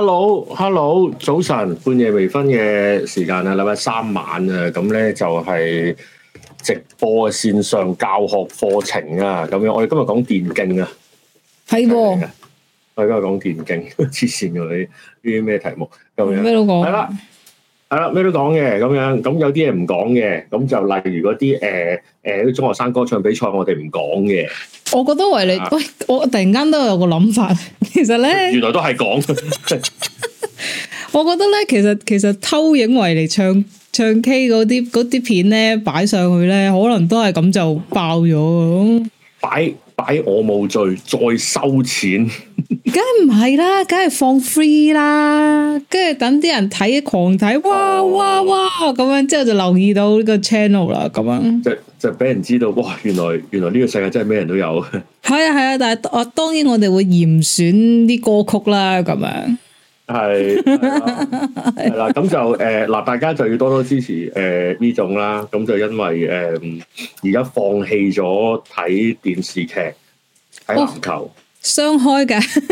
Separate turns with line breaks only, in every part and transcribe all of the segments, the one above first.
Hello，Hello，Hello, 早晨，半夜微醺嘅時間啊，禮拜三晚啊，咁咧就係直播嘅線上教學課程啊，咁樣我哋今日講電競啊，係喎，我哋今日講電競，黐線咗啲啲咩題目咁樣，咩都講，係啦。係啦，咩都講嘅咁樣，咁有啲嘢，唔講嘅，咁就例如嗰啲誒誒中學生歌唱比賽，我哋唔講嘅。
我覺得維尼，我、啊、喂、我突然間都有個諗法，其
實咧，原來都係講。
我覺得咧，其實其實偷影維尼唱唱 K 嗰啲啲片咧，
擺上去咧，可能都係咁就爆咗啊！擺。擺我冇罪，再收錢，
梗係唔係啦，梗係放 free 啦，跟住等啲人睇狂睇，哇哇哇，咁樣之後就留意到呢個 channel
啦，咁樣，嗯、即係，就俾人知道，哇，原來原來呢個世界真係咩人都有，
係啊係啊，但係我當然我哋會嚴選啲歌曲啦，咁樣。
係，係啦， 咁就誒嗱、呃，大家就要多多支持誒呢、呃、種啦。咁就因為誒而家放棄咗睇電視劇，睇籃球
雙、哦、開嘅，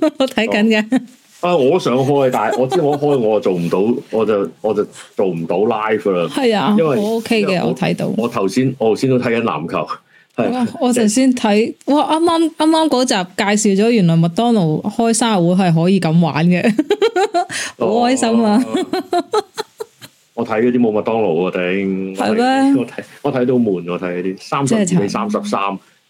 我睇緊嘅。
啊，我想開，但係我知道我開 我做唔到，我就我就做唔到 live 啦。係啊的，因，為 OK 因為我
OK 嘅，我睇
到。我頭先我頭先都睇緊籃球。
我我頭先睇，哇！啱啱啱啱嗰集介紹咗，原來麥當勞開生日會係可以咁玩嘅，
好 開心啊！哇 我睇嗰啲冇麥當勞啊，頂係咩？我睇嗎我睇到悶，我睇嗰啲三十二三十三。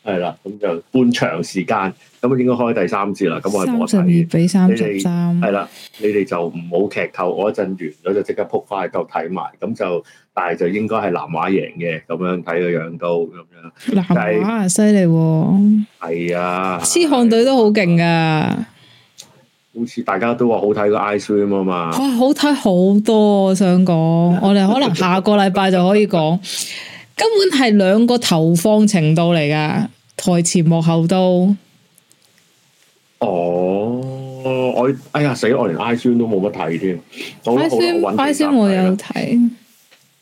係啦，咁就半場時間，咁啊應該開第三節啦。咁我三十二
比三十三，係
啦， 你哋就唔好劇透。我一陣完咗就即刻撲翻去度睇埋。咁就但係就應該係南華贏嘅，咁樣睇個樣都咁樣。南華犀利，係、就是、啊，
獅航隊都好勁噶。
好似、啊、大家都話好睇個 Ice Three 啊嘛。哇、啊，
好睇好多、啊，我想講，我哋可能下個禮拜就可以講。 根本係兩個投放程度嚟噶，台前幕後都。
哦，我哎呀死！我連 I 酸都冇乜睇添，I 好
孫我搵其
他睇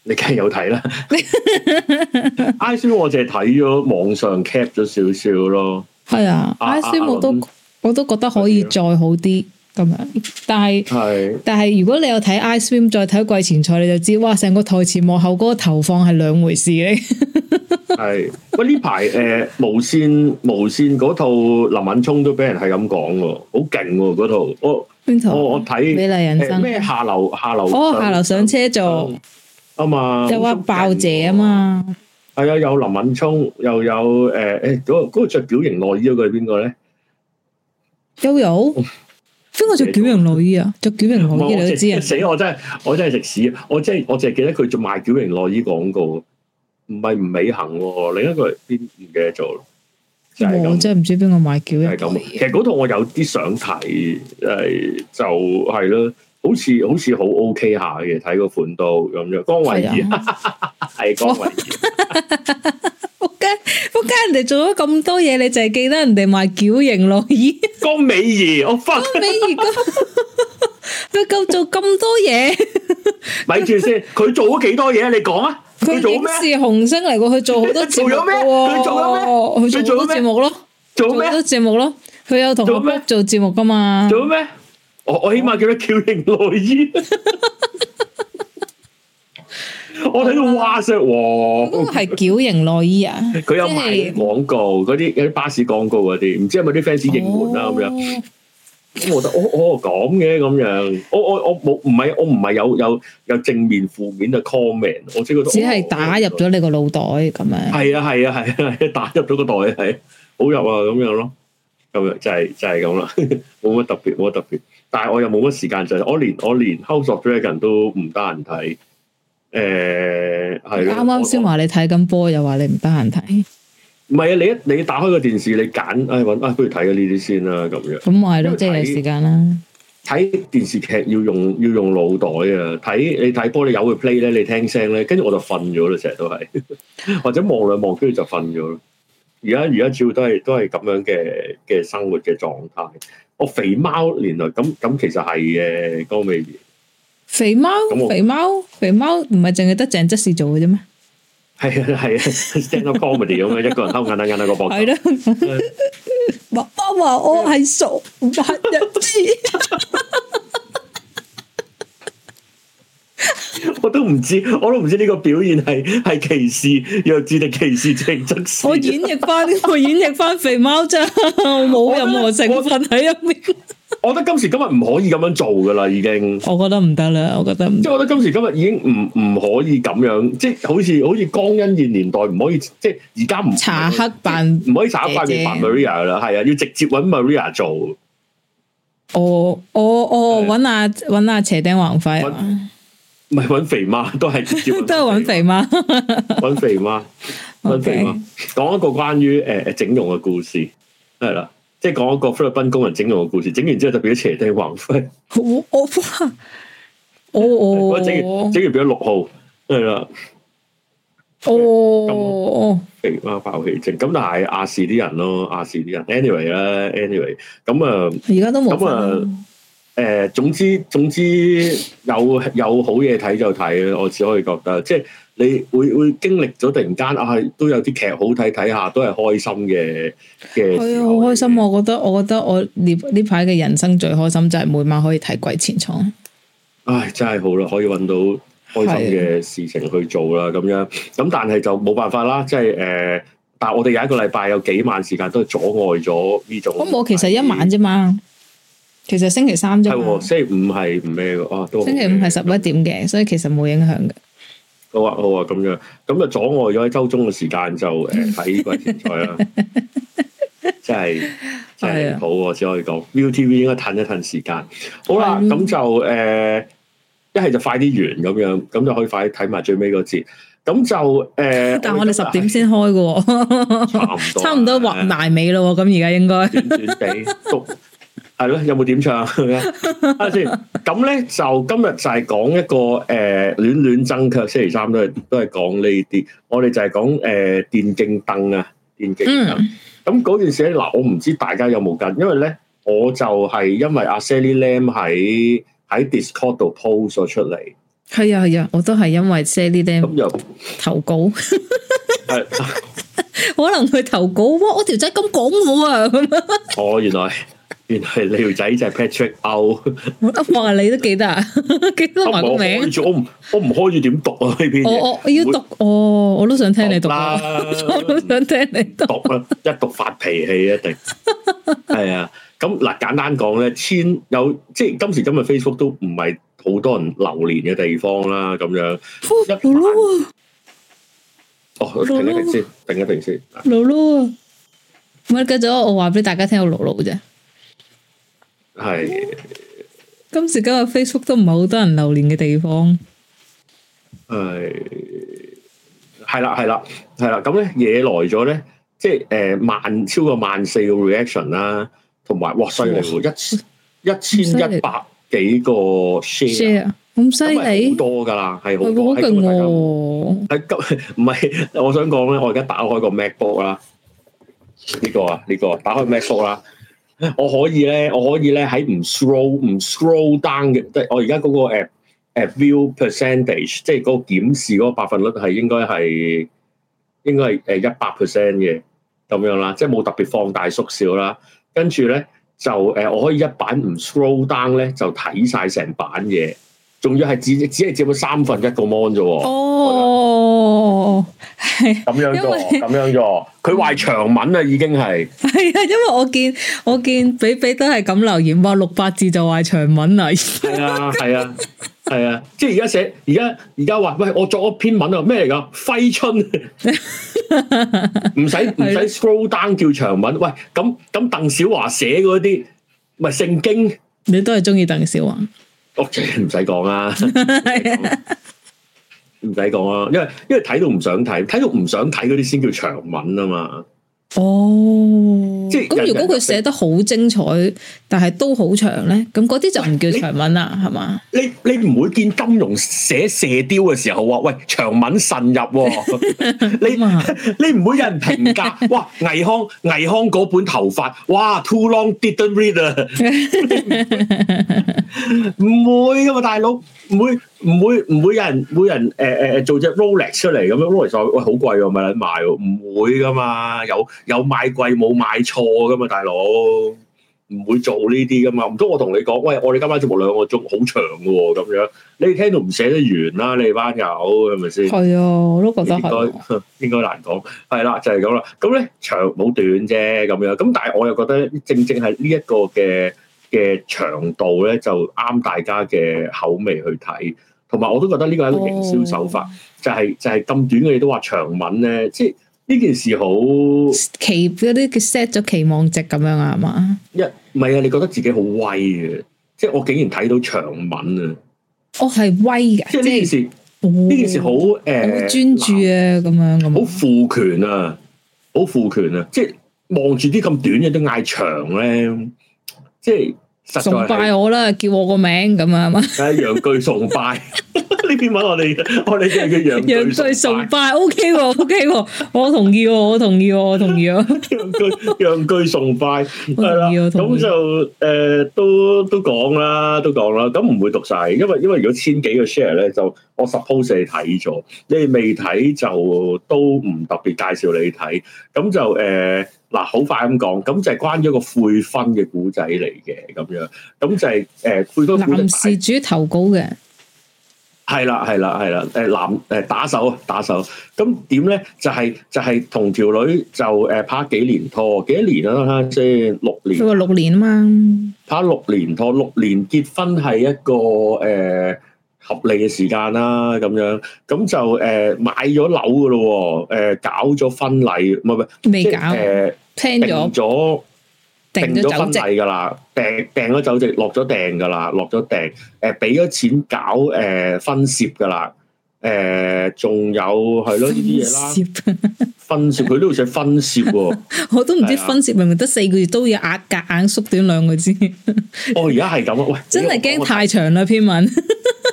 你梗係有睇啦 ，I 酸我淨係睇咗網上 cap 咗少少咯。係啊，I 酸我都
我都覺得可以再好啲。咁樣，但係但係，如果你有睇 Ice Cream，再睇季前賽，你就知，哇！成個台前幕後嗰個投放係
兩回事嘅。係，喂呢排誒無線無線嗰套林敏聰都俾人係咁講，喎好勁喎嗰套。我邊套？我我睇《美麗人生》咩？下流下流哦下流上車族啊嘛，又話
爆姐啊嘛，
係啊！有林敏聰，又有誒誒嗰個嗰個着吊形內衣嗰個係邊個咧？
周游。邊個着矯形內衣啊？着矯形內衣只你都
知啊？死，我真係我真係食屎！我真係我淨係記得佢做賣矯形內衣廣告，唔係唔美行喎。另一個係邊唔記得做咯。
我真係唔知邊
個賣矯形內衣。其實嗰套我有啲想睇，係就係、是、咯、就是，好似好似好 OK 下嘅，睇個款都咁樣。江惠儀係江惠儀。
仆街，人哋做咗咁多嘢，你就係記得人哋賣矯形內衣？
江美儀，
我發江美儀，佢夠做咁多嘢，
咪住先，佢做咗幾多嘢？你講啊，
佢幾時紅星嚟？佢做好多，做咗咩？佢做咩？佢做咗節目咯，做咗咩？節目咯，佢有同我做咩？做節目噶嘛？做
咗咩？我我起碼記得矯形內衣。我睇到哇聲喎，個
係矯形內衣啊！佢有賣
廣告，嗰啲是有啲巴士廣告嗰啲，唔知係咪啲 fans 應門啊？咁樣、哦。咁我得我我講嘅咁樣，我我我冇，唔係我唔係有有有正面負面嘅 comment，我只係
打入咗你個腦袋咁樣。係
啊係啊係啊，啊，打入咗個袋係、啊、好入啊咁樣咯，咁樣，樣就係、是、就係咁啦，冇 乜特別冇乜特別，但係我又冇乜時間就係我連我連 House of Dragon 都唔得閒睇。誒，係啦。啱啱
先話你睇緊波，又話你唔得閒睇。
唔係啊，你一你打開個電視，你揀，哎，搵，哎，不如睇下呢啲先啦，咁樣。咁咪係咯，即係有時間啦。睇電視劇要用要用腦袋啊！睇你睇波，你有佢 play 咧，你聽聲咧，跟住我就瞓咗啦，成日都係。或者望兩望，跟住就瞓咗咯。而家而家主要都係都係咁樣嘅嘅生活嘅狀態。我肥貓原來咁咁，其實係嘅，江美儀。
肥貓，肥貓，肥貓，唔係淨係得鄭則仕做嘅啫咩？係
啊，係啊，stand up comedy 咁樣，一個人偷硬下硬下個波。係
咯，爸爸話我係傻，弱智。
我都唔知，我都唔知呢個表現係係歧視，弱智定歧視鄭則仕？我演繹翻，我演繹翻肥貓啫，我冇任何成分喺入邊。我覺得今時今日唔可以咁樣做噶啦，已經。
我覺得唔得啦，我覺得唔。即
係樂我覺得今時今日已經唔唔可以咁樣，即係好似好似江恩燕年代唔可以，即係而家唔查黑扮唔可以查黑塊面扮 Maria 噶啦，係啊，要直接揾 Maria 做。
哦哦哦，揾阿揾阿斜丁黃輝，
唔係揾肥媽，都係直接都係揾肥媽，揾 肥媽，
揾 肥媽，肥
媽 Okay. 講一個關於誒、呃、整容嘅故事，係啦、啊。即係講一個菲律賓工人整容嘅故事，整完之後特別斜低橫飛。
我我哇，
我我 整完整完變咗六號，係啦。哦，
哦、
嗯，哦、嗯，哦、嗯嗯，爆氣症。咁但係亞視啲人咯，亞視啲人。anyway 咧，anyway，咁啊，而家都冇。咁啊，誒、啊嗯嗯，總之總之有有好嘢睇就睇啊，我只可以覺得即係。你會會經歷咗突然間啊、哎，都有啲劇好睇睇下，都係開心嘅嘅。係
啊，好開心！我覺得，我覺得我呢呢排嘅人生最開心就係每晚可以睇鬼前闖。
唉、哎，真係好啦，可以搵到開心嘅事情去做啦，咁的樣。咁但係就冇辦法啦，即係誒，但係我哋有一個禮拜有幾晚時間都係阻礙咗呢種。咁
我其實一晚啫嘛，其實星期三啫。係
星期五係唔咩嘅？哦，星期五
係十一點嘅，那所以其實冇影響嘅。
好啊好啊，咁、啊、樣，咁就阻礙咗喺周中嘅時間就誒睇季前賽啦，真係真係唔好、啊、只可以講 ViuTV 應該褪一褪時間。好啦、啊，咁、嗯、就誒一係就快啲完咁樣，咁就可以快啲睇埋最尾嗰節。咁就誒，呃、但係我哋十點
先開嘅、
哦， 差唔多， 差唔多畫埋
尾啦喎。咁而家應
該斷斷地讀。 係咯，有冇點唱？睇下先。咁咧就今日就係講一個誒，暖暖爭，今日星期三都係都係講呢啲。我哋就係講誒電競椅啊，電競椅。咁嗰件事嗱，我唔知大家有冇跟，因為咧我就係因為阿 Sally Lam 喺喺 Discord 度 post 咗出嚟。
係啊係啊，我都係因為 Sally Lam 咁又投稿，可能佢投稿。我我條仔咁講我啊，
哦，原來。原來你條仔就係 Patrick Ou，
哇！你都記得， 記
得啊，記得埋個名。我唔會我唔開住點讀啊呢篇，我我要讀，
哦，我都想聽你讀，啊。讀啦 我都想聽你
讀。讀啊，一讀發脾氣一定。係 啊，咁嗱，簡單講咧，千有即係今時今日 Facebook 都唔係好多人流連嘅地方啦，咁樣。老老噗反啊！哦，定一定先，定一定先。
老老啊！唔係，跟住我話俾大，大家聽我，這 kan 我老老啫。
係，
是今時今日 Facebook 都唔係好多人流連嘅地方。
係、啊，係啦、啊，係啦、啊，係啦、啊。咁咧惹來咗咧，即係誒萬超過萬四個 reaction 啦、啊，同埋哇犀利喎，一千一千一百幾個 share，
咁、啊、犀利，
多噶啦，係好勁
喎。
誒唔係我想講咧，我而家打開個 MacBook 啦，呢、這個啊呢、這個，打開 MacBook 啦。 我可以咧，我可以咧喺唔 scroll 唔 scroll down 嘅，即係我而家嗰個誒誒、uh, view percentage，即係嗰個檢視嗰個百分率係應該係應該係誒一百 percent 嘅咁樣啦，即係冇特別放大縮小啦。跟住咧就誒，uh, 我可以一版唔 scroll down 咧就睇晒成版嘢，仲要係只只係接咗三分一個 mon 啫喎。
Oh.
咁 樣做，咁因為 樣做，佢話長文啊，已經係
係啊， 因為我見我見比比都係咁留言，話六百字就話長文 啊，係啊，係
啊，係啊，即係而家寫，而家而家話，喂，我作一篇文啊，咩嚟噶？揮春，唔 使唔使 scroll down 叫長文，喂，咁咁鄧小華寫嗰啲，咪係聖經，
你都係中意鄧小華屋
k 唔使講啦。Okay, 唔使講啦，因為因為睇到唔想睇，睇到唔想睇嗰啲先叫長文啊嘛。
哦，即係人咁。如果佢寫得好精彩，但係都好長咧，咁嗰啲就唔叫長文啦，係嘛喂
嗎？你你唔會見金庸寫射雕嘅時候話，喂，長文慎入，啊 啊 你。你你唔會有人評價，哇，倪匡，倪匡嗰本頭髮，哇，too long didn't read 啊！ 唔會噶嘛，大佬唔會。唔會唔會有人每人誒誒誒做隻 Rolex 出嚟咁樣 Rolex 喂、哎、好貴喎咪你買喎唔會㗎嘛有有買貴冇買錯㗎嘛大佬唔會做呢啲㗎嘛唔通我同你講喂我哋今晚節目兩個鐘好長嘅喎咁樣你哋聽到唔捨得完啦、啊、你哋班友係咪先？係啊，
我都覺得應
該、啊、應該難講係啦，就係咁啦。咁咧長冇短啫咁樣。咁但係我又覺得正正係呢一個嘅嘅長度咧，就啱大家嘅口味去睇。同埋我都覺得呢個係一種營銷手法，oh, 就係、是、就係、是、咁短嘅嘢都話長文咧，即係呢件事好
期啲叫 set 咗期望值咁樣啊，係嘛？
一唔係啊，你覺得自己好威嘅，即係我竟然睇到長文啊！
我係、哦、威嘅，即係呢件事，呢、oh, 件事
好誒，哦呃、好專注啊，咁藍樣咁好賦權啊，好賦權啊！即係望住啲咁短嘅都嗌長咧，即係。崇拜
我啦，叫我個名咁啊嘛，
係楊巨崇拜呢篇文。 邊我哋 我哋叫叫楊楊巨崇拜，O K 喎，O K 喎，我同意喎，哦，我同意喎，我同意啊！楊巨楊巨崇拜，同意啊！咁就誒、呃，都都講啦，都講啦，咁唔會讀晒，因為因為如果千幾個 share 咧，就我 suppose 你睇咗，你未睇就都唔特別介紹你睇，咁就誒。嗱，好、啊、快咁講，咁就係關於一個悔婚嘅古仔嚟嘅，咁樣，咁就係、是、誒、呃，配多。男
事主投稿嘅，
係啦、啊，係啦、啊，係啦、啊，誒、啊、男誒打手，打手，咁點咧？就係、是、就係、是、同條女就誒拍幾年拖，幾多年啦、啊？即係六年，佢話六年啊嘛，拍六年拖，六年結婚係一個誒、呃、合理嘅時間啦、啊，咁樣，咁就誒、呃、買咗樓噶咯，誒、呃、搞咗婚禮，唔係唔係未搞誒。啊啊。聽咗，定咗酒席，噶啦，訂訂咗酒席，落咗訂噶啦，落咗訂，誒，俾咗錢搞誒分攝噶啦，誒，仲有係咯呢啲嘢啦，分攝，佢都要寫分攝喎，
我都唔知分攝明明得四個月都要壓夾硬縮短兩個字，
我而家係咁啊，喂，真係
驚太長啦篇文，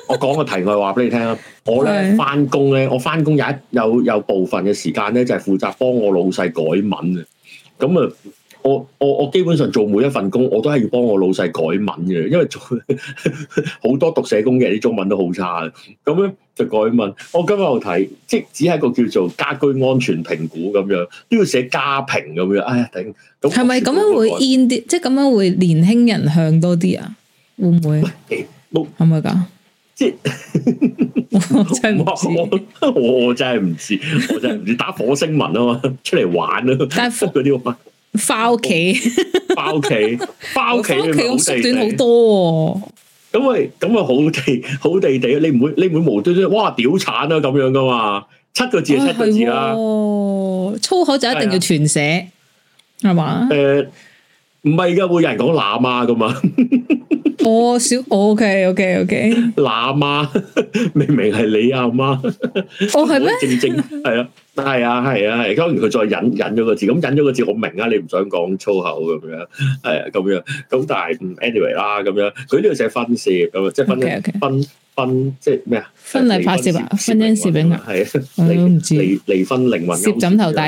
我講個題外話俾你聽啊，我咧翻工咧，我翻工有一有有部分嘅時間咧就係負責幫我老細改文嘅。咁啊，我我我基本上做每一份工，我都係要幫我老細改文嘅，因為做好 多讀社工嘅啲中文都好差嘅。咁咧就改文。我今日又睇，即只係一個叫做家居安全評估咁樣，都要寫家評咁樣。哎呀，頂！咁係咪咁樣會 in
啲？即係咁樣會年輕人向多啲啊？會唔會？係咪噶？
即係我我我真係唔知，我真係唔知打火星文啊嘛，出嘛，出嚟玩啊！啲翻屋企，翻屋企，翻屋企咁地地好多。咁咪咁咪好地好地地，你唔會你唔會無端端哇屌鏟啊咁樣噶嘛？七個字就七個字啦，啊
哎哦，粗口就一定要全寫係嘛？誒、
呃，唔係噶，會有人講喇嘛噶嘛？
我小，OK OK OK。
乸媽，明明係你阿媽。哦，係咩？正正係啊，係啊，係啊。當然佢再引引咗個字，咁引咗個字，好明啊，你唔想講粗口咁樣，係啊，咁樣。咁但係，anyway 啦，咁樣。佢呢度寫婚攝咁，即係婚婚婚，即係咩啊？婚禮拍攝，
婚姻攝影
係啊。你唔知離離婚靈魂。攝枕頭底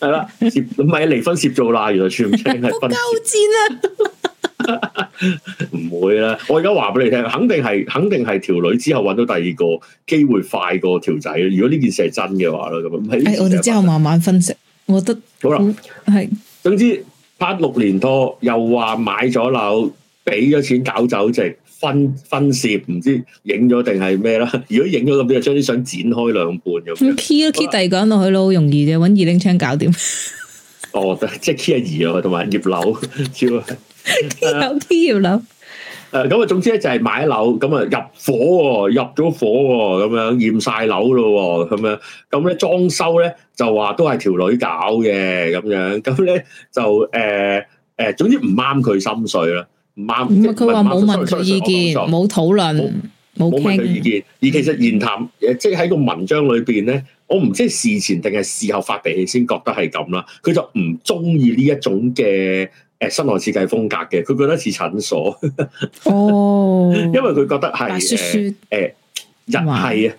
係啦，攝唔係離婚，攝做乸，原來全部係婚攝。好賤啊！唔 會啦，我而家話俾你聽，肯定係，肯定係條女之後揾到第二個機會快過條仔。如果呢件事係真嘅話咧，咁喺、哎、我哋
之後慢慢分析。我覺得好啦了，係
是總之拍六年拖，又話買咗樓，俾咗錢搞酒席，分分涉，唔知影咗定係咩啦。如果影咗咁，就將啲相剪開兩半咁樣。
K 一 K 第二個人落去咯，好，了好了容易啫，揾二零槍搞掂。
哦，即係 K 阿二啊，同埋葉柳主要。睇 樓，睇樓、 呃。誒，咁啊，總之咧就係買樓，咁啊入伙，入咗伙了，咁樣驗晒樓咯，咁樣，咁咧裝修咧就話都係條女搞嘅，咁樣，咁咧就誒誒、呃呃，總之唔啱佢心水啦，唔啱。咁佢話冇問佢意見，冇討論，冇冇問佢意見。而其實言談即係喺個文章裏邊咧，我唔知係事前定係事後發脾氣先覺得係咁啦。佢就唔中意呢一種嘅。誒，室內設計風格嘅，佢覺得似診所。 哦，因為佢覺得雪雪、呃、人係誒，誒，係、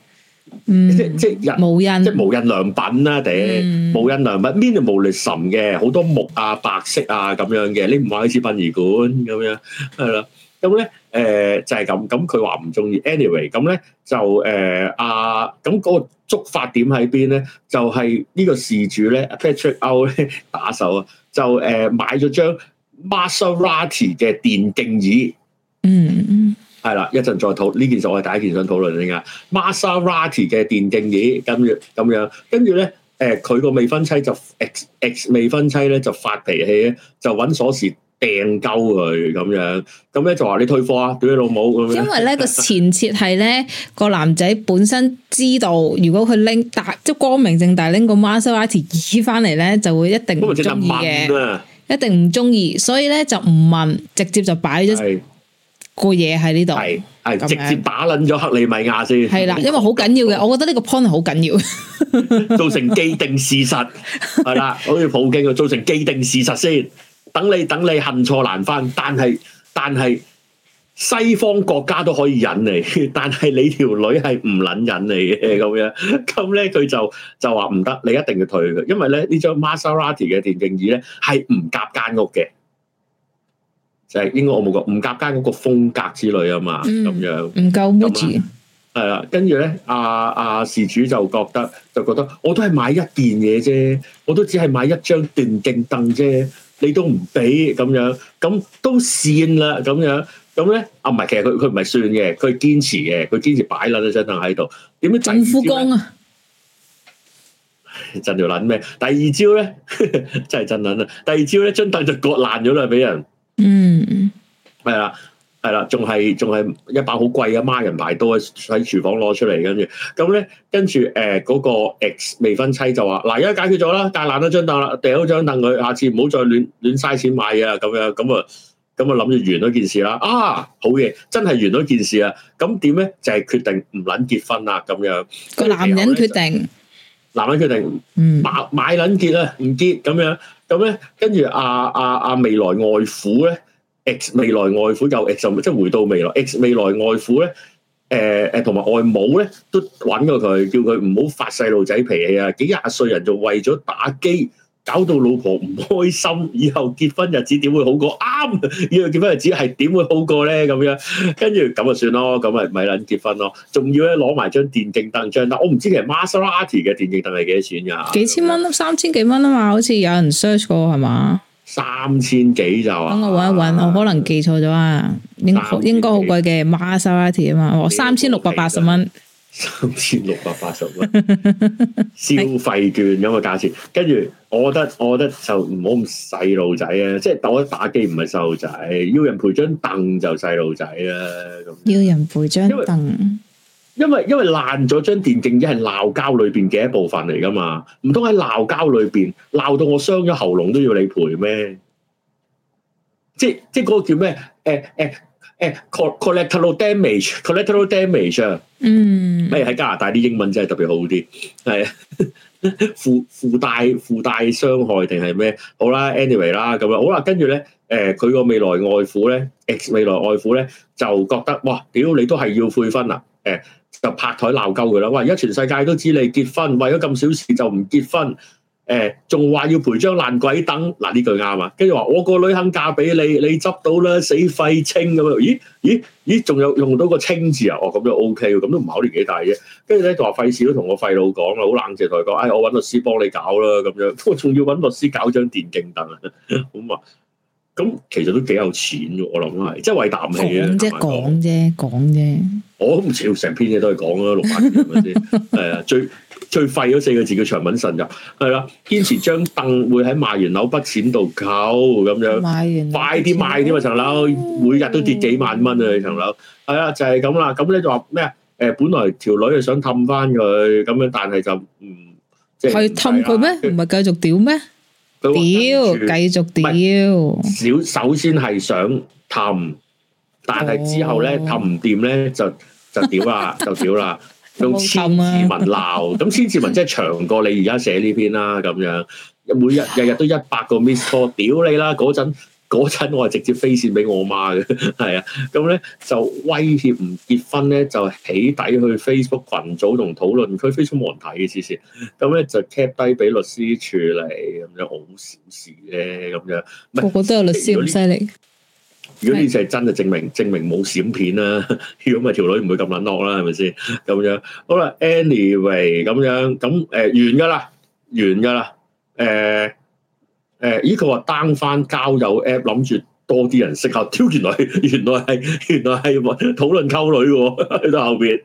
嗯、啊，即即日無印人，即無印良品啦，頂無印良品邊度無雷神嘅，好多木啊、白色啊咁樣嘅，你唔話好似殯儀館咁樣係啦。咁咧，誒、嗯呃、就係、是、咁，咁佢話唔中意。Anyway，咁咧就誒阿咁嗰個觸發點喺邊咧？就係、嗯啊嗯、呢、就是、個事主咧，Patrick 歐咧打手啊，就誒、嗯、買咗張。Maserati 嘅電競椅，嗯
嗯，
係啦，一陣再討呢件事，我係第一件想討論嘅。Maserati 嘅電競椅，跟住咁樣，跟住咧，誒、呃，佢個未婚妻就 ex ex 未婚妻咧，就發脾氣咧，就搵鎖匙掟鳩佢咁樣，咁咧就話你退貨啊，屌你老母咁樣。因為咧個
前設係咧個男仔本身知道，如果佢拎大即係光明正大拎個 Maserati 椅翻嚟咧，就會一定唔中意嘅。一定唔中意，所以咧就唔問，直接就擺咗個嘢喺呢度，係係樣直接
打撚咗克里米亞先，係啦的，嗯、
因為好緊要嘅，嗯、我覺得呢個 point 好緊要，
造成既定事實，係啦， 好似普京啊，造成既定事實先，等你等你恨錯難返，但係但係。西方國家都可以忍你，但係你條女係唔撚忍你嘅咁樣，咁咧佢就就話唔得，你一定要退嘅，因為咧呢張 Maserati 嘅電競椅咧係唔夾間屋嘅，就係、是、應該我冇講唔夾間屋個風格之類啊嘛，咁、嗯、樣
唔夠 match，係
啦，跟住咧阿阿事主就覺得就覺得我都係買一件嘢啫，我都只係買一張電競凳啫，你都唔俾咁樣，咁都蝕啦咁樣。咁咧，啊唔係，其實佢佢唔係算嘅，佢堅持嘅，佢堅持擺甩咗張凳喺度。點樣？震富江啊， 震條撚咩？第二朝咧， 真係震撚啦！第二朝咧，張凳就割爛咗啦，俾人。嗯。嗯， 係啦，係啦，仲係仲係一把好貴嘅孖人牌刀喺廚房攞出嚟，跟住咁咧，跟住誒嗰個 X 未婚妻就話：嗱，而家解決咗啦，但爛咗張凳啦，掉咗張凳佢，下次唔好再亂亂嘥錢買嘢啊！咁樣咁啊。咁啊，諗住完咗件事啦，啊，好嘢，真係完咗件事啊。咁點咧，就係、是、決定唔捻結婚啦，咁樣
個男，就男人決定，
男人決定買買捻結啦，唔結咁樣。咁咧，跟住阿阿阿未來外父咧，X 未來外父又，就即、是、係回到未來，X 未來外父咧，誒、呃、誒，同埋外母咧，都揾過佢，叫佢唔好發細路仔脾氣啊。幾廿歲人就為咗打機。搞到老婆唔開心，以後結婚日子點會好過？啱、嗯，以後結婚日子係點會好過咧？咁樣，跟住咁啊算咯，咁咪咪係撚結婚咯，仲要咧攞埋張電競凳張啦。我唔知其實 Maserati 嘅電競凳係幾多錢㗎、啊？幾
千蚊咯，三千幾蚊啊嘛，好似有人 search 過係嘛、啊？
三千幾就等我
揾一揾，我可能記錯咗啊，應應該好貴嘅 Maserati 啊嘛，三千,三千六百八十蚊。
三千六百八十蚊消費券咁嘅價錢，跟住我覺得，我覺得就唔好咁細路仔啊！即係我覺得打機唔係細路仔，要人賠張凳，就細路仔啦。
咁要人賠張凳，
因為 因為爛咗張電競椅係鬧交裏邊嘅一部分嚟噶嘛？唔通喺鬧交裏邊鬧到我傷咗喉嚨都要你賠咩？即係即係嗰個叫咩？誒、欸、誒。欸誒，collateral damage，collateral damage 啊，嗯，咩喺加拿大啲英文真係特別好啲，係啊，附附帶附帶傷害定係咩？好啦，anyway 啦，咁樣，好啦，跟住咧，誒，佢個未來外父咧，ex 未來外父咧，就覺得哇，屌你都係要悔婚啊！誒，就拍台鬧鳩佢啦，哇！而家全世界都知你結婚，為咗咁少事就唔結婚。誒，仲話要賠張爛鬼凳，嗱呢句啱啊！跟住話我個女肯嫁俾你，你執到啦，死廢青咁樣。咦咦咦，仲有用到個清字啊？哦，咁就 O K，咁都唔考好年紀大啫。跟住咧就話費事都同我廢佬講啦，好冷靜同佢講，哎，我揾律師幫你搞啦，咁樣，我仲要揾律師搞張電競凳啊，咁啊，咁其實都幾有錢嘅，我諗係，即係為啖氣啫，講啫
講啫講啫，
我唔知成篇嘢都係講咯，六百字係咪先？係啊，最。 最廢嗰四個字叫長文神就係啦，堅持張凳會喺賣完樓筆錢度扣咁樣，買完快啲賣添啊！層樓每日都跌幾萬蚊啊！你層樓係啊，就係咁啦。咁咧就話咩啊？誒、呃，本來條女係想氹翻佢咁樣，但係就唔
可以氹佢咩？唔係繼續屌咩？屌，繼續屌。
小首先係想氹，但係之後咧氹唔掂咧就就屌啦，就屌啦。 用千字文鬧，咁千字文即係長過你而家寫呢篇啦。咁樣，每日日日都一百個 miss call，屌你啦！嗰陣嗰陣我係直接飛線俾我媽嘅，係啊。咁咧就威脅唔結婚咧，就起底去 Facebook 群組同討論區。Facebook 冇人睇嘅，試試咁咧就 cap 低俾律師處理咁樣，好小事啫。咁樣，樣，樣個個都有律師咁犀利。如果呢次係真，就證明證明冇閃片啦，啊，如果咪條女唔會咁撚 lock 啦，係咪先咁樣？好啦，anyway 咁樣咁誒完㗎啦，完㗎啦誒誒，依、呃呃，這個話 down 翻交友 app，諗住多啲人適合挑原來原來係原來係討論溝女喎，喺度後邊。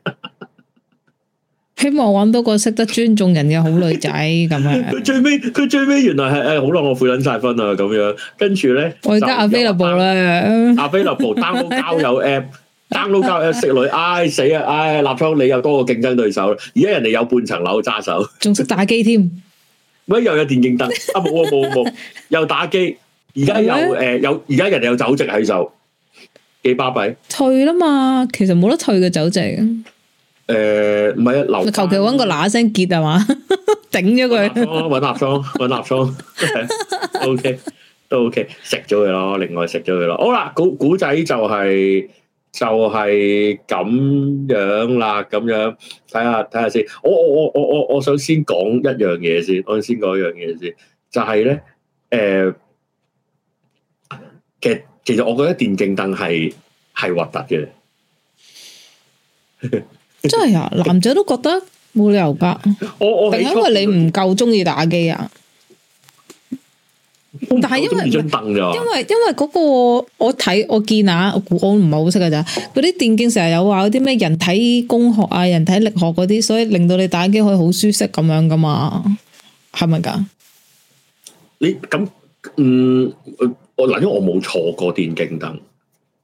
希望搵到個識得尊重人嘅好女仔
咁樣。佢最尾，佢最尾原來係誒，好、欸、耐我悔捻晒分啊咁樣。跟住咧，我而家阿
菲立布咧，
阿菲立布 download 交友 app，download 交友 app 識女，唉死 啊，唉、哎、立昌你又多個競爭對手，而家人哋有半層樓揸手，仲
識打機添。
喂，又、嗯哎、有電競燈啊？冇啊冇冇，又打機。而家又誒，有而家人哋有酒席喺手，幾巴閉？
退啦嘛，其實冇得退嘅酒席，啊。
誒，唔係
啊，求其搵個嗱一聲結啊嘛，
頂咗佢。搵立倉，搵立倉，O K，都 O K，食咗佢咯，另外食咗佢咯。好啦，古古仔就係就係咁樣啦，咁樣睇下睇下先。我我我我我我想先講一樣嘢先，我先講一樣嘢先，就係咧，誒，其實其實我覺得電競凳係係核突嘅。
真係啊！男仔都覺得冇理由噶？我我，定係因為你唔夠中意打機啊？但係因為因為因為嗰個我睇我見啊，我唔係好識噶咋。嗰啲電競成日有話嗰啲咩人體工學啊、人體力學嗰啲，所以令到你打機可以好舒適咁樣噶嘛？係咪噶？
你咁嗯我我嗱，因為我冇坐過電競凳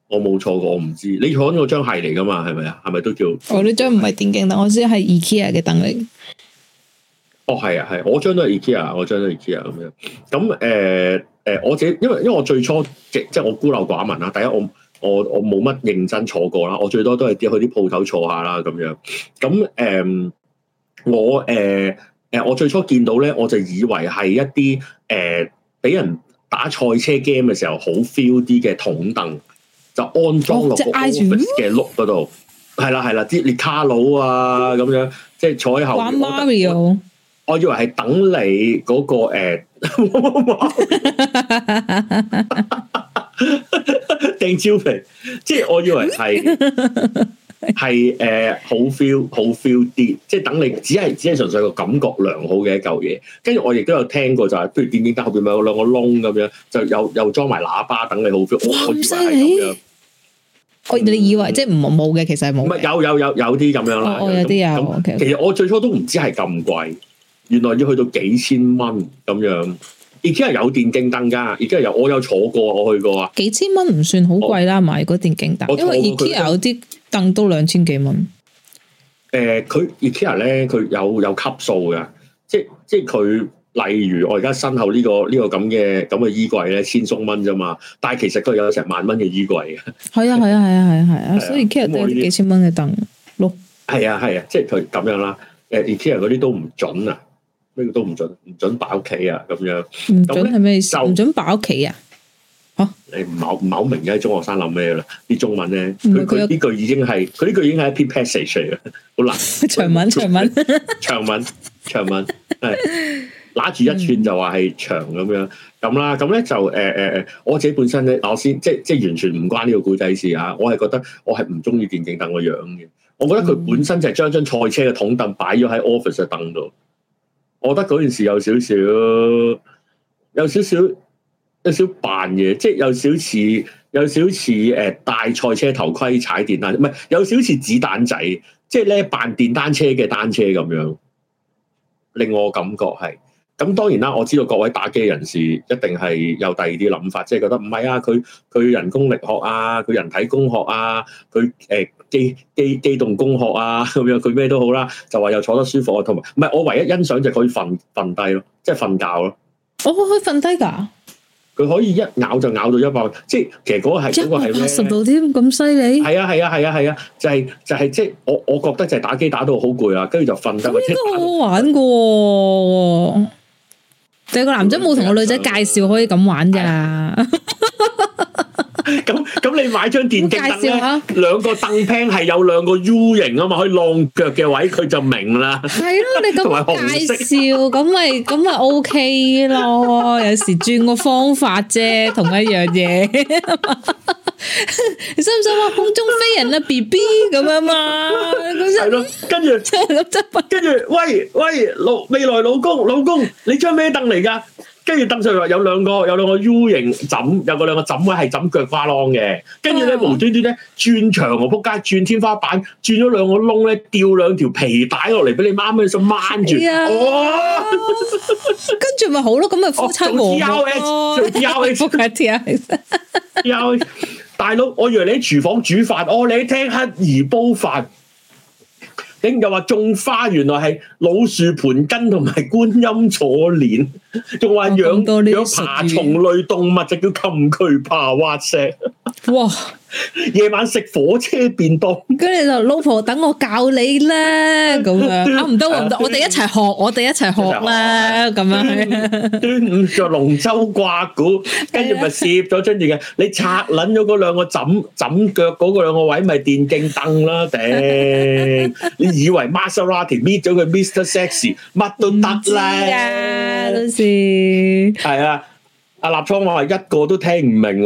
我冇坐過，我唔知。你坐緊嗰張係嚟噶嘛？係咪啊？係咪都叫？
我呢張唔係電競凳，我知係 IKEA 嘅凳嚟。
哦，係啊，係、啊，我張都係 IKEA，我張都 IKEA 咁樣。咁誒誒，我自己因為因為我最初即即係我孤陋寡聞啦。第一，我我我冇乜認真坐過啦。我最多都係啲去啲鋪頭坐下啦咁樣。咁誒、呃，我誒誒、呃呃，我最初見到咧，我就以為係一啲誒俾人打賽車 game 嘅時候好 feel 啲嘅桶凳。就安裝落隻 office 嘅碌嗰度，係啦係啦，啲列卡佬啊咁樣，即係、啊、坐喺後面。玩 Mario 我，我，我以為係等你嗰、嗰個定招皮，即係我以為係係誒好 feel 好 feel 啲，即係等你只係只係純粹個感覺良好嘅一嚿嘢。跟住我亦都有聽過就係、是，譬如電電燈後邊有兩個窿咁樣，就又又裝埋喇叭等你好 feel。我以哇咁犀利！
我、嗯、你以為即係唔冇嘅，其實係冇。唔
有有有有啲咁樣啦。我有啲
有。有有有有有其實
我最初都唔知係咁貴，原來要去到幾千蚊咁樣。IKEA 有電競凳噶，IKEA 有我有坐過，我去過。
幾千蚊唔算好貴啦，我買嗰電競凳。因為 IKEA 有啲凳都兩千幾蚊。
誒，佢 IKEA 咧，佢、呃、有有,有,有級數嘅，即即係佢。例如我而家身後呢、這個呢、這個咁嘅咁嘅衣櫃咧，千鬆蚊啫嘛，但係其實佢有成萬蚊嘅衣櫃
嘅。係啊係啊係啊係啊係啊，啊啊 所以 care 凳幾千蚊嘅凳
咯。係啊係啊，即係佢咁樣啦。誒，care 嗰啲都唔準啊，呢個都唔準，唔準擺屋企啊咁樣。唔準係
咩意思？唔準擺屋企啊？
你唔係唔係好明嘅中學生諗咩啦？啲中文咧，佢佢呢句已經係佢呢句已經係一篇 passage 嚟嘅，好難 長文 長文長文長文係。 拉住一串就話係長咁樣咁啦，咁咧就誒誒誒，我自己本身咧，我先即即完全唔關呢個古仔事嚇，我係覺得我係唔中意電競凳個樣嘅。我覺得佢本身就係將張賽車嘅筒凳擺咗喺 office 嘅凳度，我覺得嗰件事有少少有少少有少扮嘢，即有少似有少似誒戴賽車頭盔踩電單，唔係有少似子彈仔，即咧扮電單車嘅單車咁樣，令我感覺係。咁當然啦，我知道各位打機人士一定係有第二啲諗法，即係覺得唔係啊，佢佢人工力學啊，佢人體工學啊，佢誒、呃、機機機動工學啊，咁樣佢咩都好啦，就話又坐得舒服啊，同埋唔係我唯一欣賞就佢瞓瞓低咯，即係瞓覺咯。
我可以瞓低㗎，
佢可以一咬就咬到一百，即係其實嗰個係嗰個係咩？一百八十度
添咁犀利？
係啊係啊係啊係啊，啊，啊，啊，就係、是、就係即係我我覺得就係打機打到好攰啊，跟住就瞓低。應該
好好玩㗎。但係個男仔冇同個女仔介紹，可以咁玩㗎？
你買張電競凳咧，兩個凳 pair 係有兩個 U 型啊嘛，可以晾腳嘅位，佢就明啦。係咯，你咁介
紹，咁咪咁咪 OK 咯。有時轉個方法啫，同一樣嘢。你使唔使話空中飛人啊，BB 咁樣嘛？
係咯，跟住，跟住，喂喂，老未來老公，老公，你張咩凳嚟噶？跟住登上嚟，有兩個有兩個 U 型枕，有個兩個枕位係枕腳花窿嘅。跟住咧無端端咧轉牆喎，仆街轉天花板，轉咗兩個窿咧，吊兩條皮帶落嚟俾你媽咪想掹住。哇！跟住咪好咯，咁咪夫妻和睦、啊哦。做 D 大佬，我以為你喺廚房煮飯，我、哦、你喺廳乞兒煲飯。你又話種花，原來係老樹盤根同埋觀音坐蓮，仲話養、哦、多養爬蟲類動物就叫擒渠爬滑石。哇！夜晚食火車便當，跟住就老
婆等我教你啦，咁樣啊，唔得唔得，我哋一齊學，我哋一齊學啦，
咁樣。端午着龍舟掛鼓，跟住咪攝咗出嚟嘅。你拆捻咗嗰兩個枕枕腳嗰個兩個位，咪電競凳啦，頂。你以為 Maserati 搣咗佢 Mr. Sexy 乜都得咧？到時係啊，阿立倉話一個都聽唔明。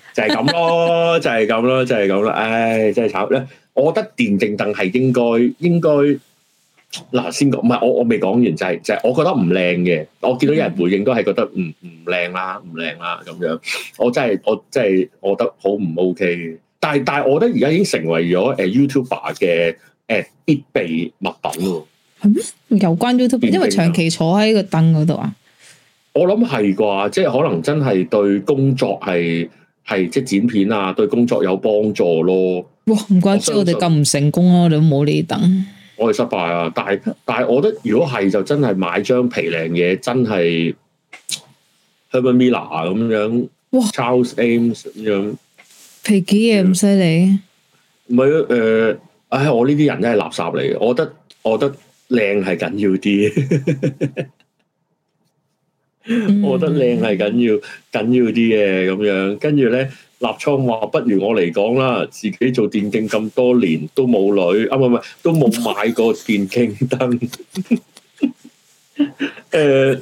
就係咁咯，就係、是、咁咯，就係咁啦。唉，真係慘咧！我覺得電競凳係應該應該嗱，先講唔係我我未講完，就係、是、就係、是、我覺得唔靚嘅。我見到有人回應都係覺得唔唔靚啦，唔靚啦咁樣。我真係我真係我覺得好唔 OK。但係但係，我覺得而家、OK、已經成為咗誒、uh, YouTuber 嘅誒、uh, 必備物品咯。係咩、嗯？
有關 YouTube？因為長期坐喺個凳嗰度啊？
我諗係啩，即、就、係、是、可能真係對工作係。係即剪片啊，對工作有幫助咯。
哇！唔怪之我哋咁唔成功咯、啊，你都冇理等。
我哋失敗啊！但係但係，我覺得如果係就真係買張皮靚嘢，真係 Herman Miller 咁樣。哇！Charles Ames 咁樣
皮幾嘢咁犀利？
唔係誒，唉，我呢啲人真係垃圾嚟嘅。我覺得，我覺得靚係緊要啲。 我覺得靚係緊要，緊要啲嘅咁樣，跟住咧，立倉話不如我嚟講啦，自己做電競咁多年都冇女，啊唔係唔係，都冇買過電競燈。誒，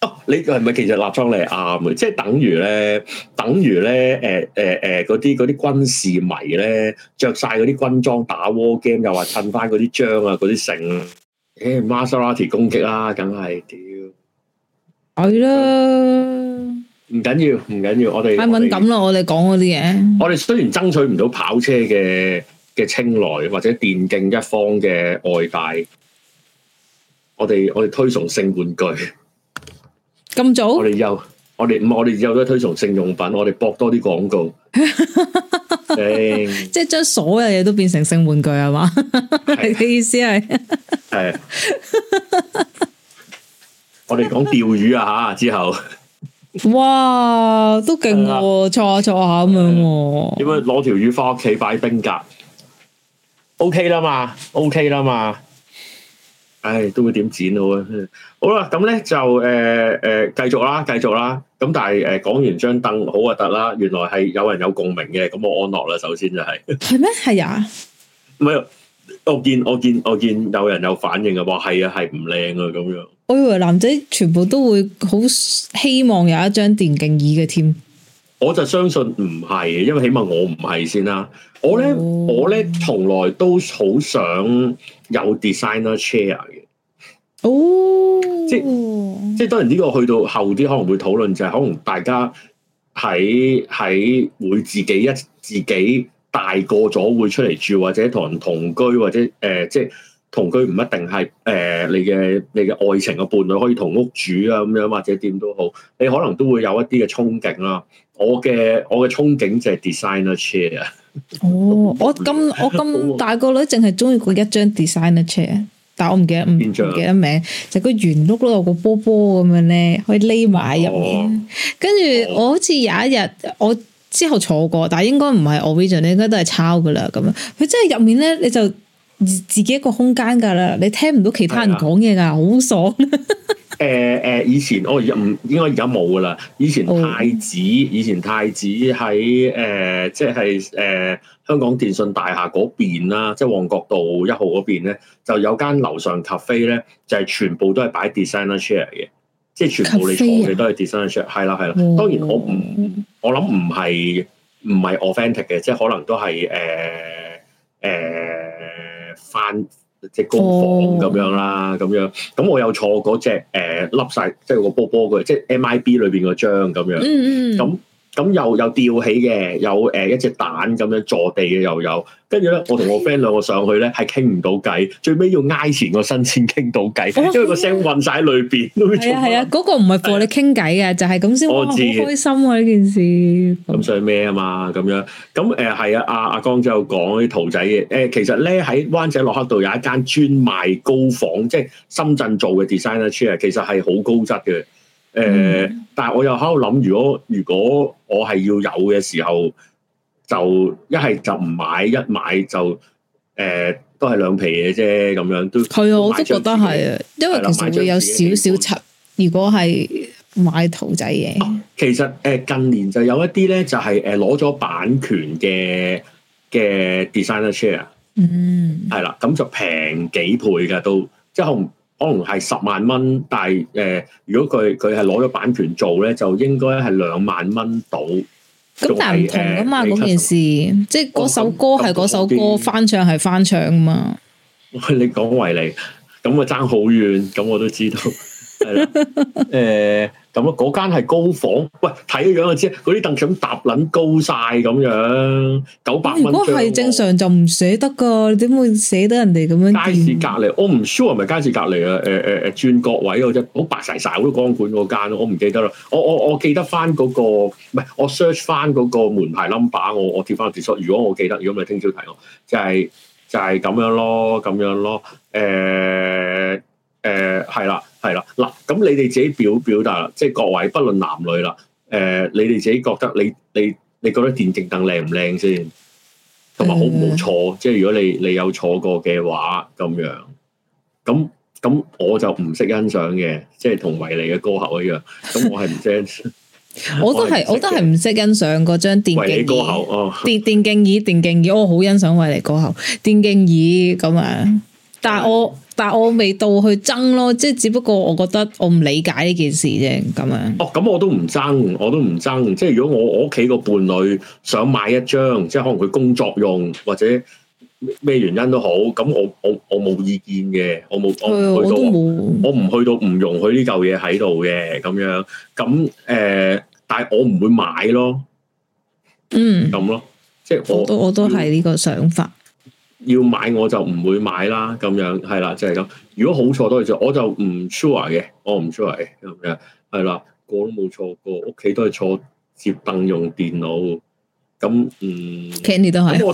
啊，你係咪其實立倉你啱嘅？即係等於咧，等於咧，誒誒誒，嗰啲嗰啲軍事迷咧，着晒嗰啲軍裝打 War Game，又話襯翻嗰啲章啊，嗰啲繩，誒，Maserati 攻擊啦，梗係點？係啦，唔緊要，唔緊要，我哋太敏感
啦！我哋講嗰啲嘢，
我哋雖然爭取唔到跑車嘅嘅青睞，或者電競一方嘅外界，我哋我哋推崇性玩具咁早，我哋又我哋唔係我哋又都係推崇性用品，我哋博多啲廣告，即
係將所有嘢都變成性玩具係嘛？你意思係，係。
我哋講釣魚啊吓，之後
哇都勁喎，坐下坐下咁樣，
點解攞條魚翻屋企擺冰格？OK 啦嘛，OK 啦嘛，唉、okay 哎，都會點剪好，好、呃呃呃、好啊？好啦，咁咧就誒誒繼續啦，繼續啦。咁但係誒講完張凳，好核突啦，原來係有人有共鳴嘅，咁我安樂啦，首先就係
係咩？係啊，唔係
我見我見我見，我見有人有反應啊，話係啊係唔靚啊咁樣。
我以為男仔全部都會好希望有一張電競椅嘅添，
我就相信唔係，因為起碼我唔係先啦。我呢，oh. 我呢，從來都好想有 designer chair 嘅。哦、oh.，即係即係，當然呢個去到後啲可能會討論，就係、是、可能大家喺喺會自己一自己大個咗會出嚟住，或者同人同居，或者誒、呃、即係。同佢唔一定係誒、呃、你嘅你嘅愛情嘅伴侶，可以同屋主啊咁樣或者點都好，你可能都會有一啲嘅憧憬啦、啊。我嘅我嘅憧憬就係 designer chair。 哦，
我咁我咁大個女淨係中意嗰一張 designer chair，哦、但係我唔記得唔像記得名，就個、是、圓碌碌個波波咁樣咧，可以匿埋入面。哦、跟住我好似有一日我之後坐過，但係應該唔係 original，應該都係抄㗎啦。咁樣佢真係入面咧，你就～自己一個空間㗎啦，你聽唔到其他人講嘢㗎，好的很
爽。誒 誒、呃呃，以前我而家唔，應該而家冇㗎啦。以前太子，以前太子喺誒，即係誒香港電訊大廈嗰邊啦，即、就、係、是、旺角道一號嗰邊咧，就有間樓上 cafe 咧，就係、是、全部都係擺 designer chair 嘅，即係啡全部你坐你都係 designer chair，係啦係啦。哦、當然我唔，嗯、我諗唔係唔係 authentic 嘅，即係、就是、可能都係誒誒。呃呃呃呃翻即係工房咁樣啦，咁樣咁我又坐嗰隻誒，凹晒即係個波波嘅，即係 MIB 裏邊個張咁樣，嗯咁。咁又又吊起嘅，有誒一隻蛋咁樣坐地嘅又有，跟住咧我同我 friend 兩個上去咧係傾唔到計，最尾要挨前個身先傾到計，因為個聲混晒喺裏邊。係啊
係啊，嗰個唔係過你傾偈嘅，就係咁先。我知，開心啊呢件事。
咁所以咩啊嘛咁樣，咁誒係啊，阿阿江仔有講啲圖仔嘅。誒其實咧喺灣仔洛克道有一間專賣高仿，即係深圳做嘅 designer chair，其實係好高質嘅。誒。但係我又喺度諗，如果如果我係要有嘅時候，就一係就唔買，一買就誒、呃、都係兩皮嘢啫，咁樣都係啊，我都覺得係啊，因為了其實會有少
少賊。如果係買兔仔嘢、
啊，其實誒、呃、近年就有一啲咧，就係誒攞咗版權嘅嘅 designer chair，嗯，係啦，咁就平幾倍㗎都即係。可能係十萬蚊，但係誒、呃，如果佢佢係攞咗版權做咧，就應該係兩萬蚊到。咁但係唔同噶嘛，嗰、呃、件
事，即係嗰首歌係嗰首歌，哦、翻唱係翻唱啊嘛。
喂， 你講為你，咁啊爭好遠，咁我都知道。 誒，咁啊、 嗯，嗰間係高房，喂，睇個樣我知，嗰啲凳想搭捻高晒咁樣，九百蚊張。如果係正
常就唔捨得噶，點會捨得人哋咁樣？
街市隔籬，我唔 show 係咪街市隔籬啊？誒誒誒，轉、呃、角位啊，啫，好白晒晒嗰個光管嗰間，我唔記得啦。我我我記得翻、那、嗰個，唔係我 search 翻嗰個門牌 number，我我貼翻喺廁所。如果我記得，如果咪聽朝提我，就係、是、就係、是、咁樣咯，咁樣咯，誒。呃誒，係啦，uh,，係啦，嗱，咁你哋自己表表達啦，即係各位不論男女啦，誒，okay.，你哋自己覺得你你你覺得電競凳靚唔靚先，同埋好唔好坐？即係如果你你有坐過嘅話，咁樣，咁咁我就唔識欣賞嘅，即係同維尼嘅歌喉一樣，咁我係唔識。我都係，我都係
唔識欣賞嗰張電競歌喉哦，電電競椅、電競椅，我好欣賞維尼歌喉電競椅咁啊，但係我。但係我未到去爭咯，即係只不過我覺得我唔理解呢件事啫咁樣。
哦，咁我都唔爭，我都唔爭。即係如果我我屋企個伴侶想買一張，即係可能佢工作用或者咩原因都好，咁我我我冇意見嘅，我冇、嗯、我去到，我唔去到唔容許呢嚿嘢喺度嘅咁樣。咁誒、呃，但係我唔會買咯。嗯，咁咯，即係我我都係
呢個想法。
要買我就唔會買啦，咁樣係啦，就係咁。如果好錯都嘅就，我就唔 sure 嘅，我唔 sure 咁樣係啦。我都冇坐過，屋企都係坐折凳用電腦。咁嗯
，Kenie 都係，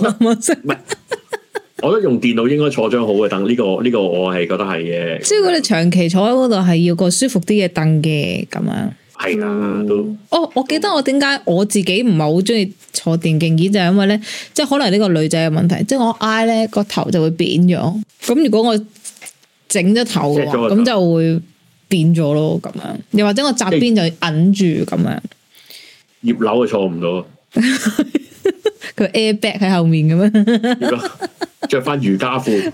我
覺得用電腦應該坐張好嘅凳，呢個呢個我係覺得係嘅。即係如
果你長期坐喺嗰度，係要個舒服啲嘅凳嘅咁樣。係啊，都。哦，都我記得我點解我自己唔係好中意坐電競椅，就係、是、因為咧，即係可能呢個女仔嘅問題，即係我挨咧個頭就會扁咗。咁如果我整咗頭嘅話，咁就會扁咗咯，咁樣。又或者我紮邊就引住咁樣。
葉柳就坐唔到。
佢 airbag 喺後面咁樣
着翻瑜伽褲。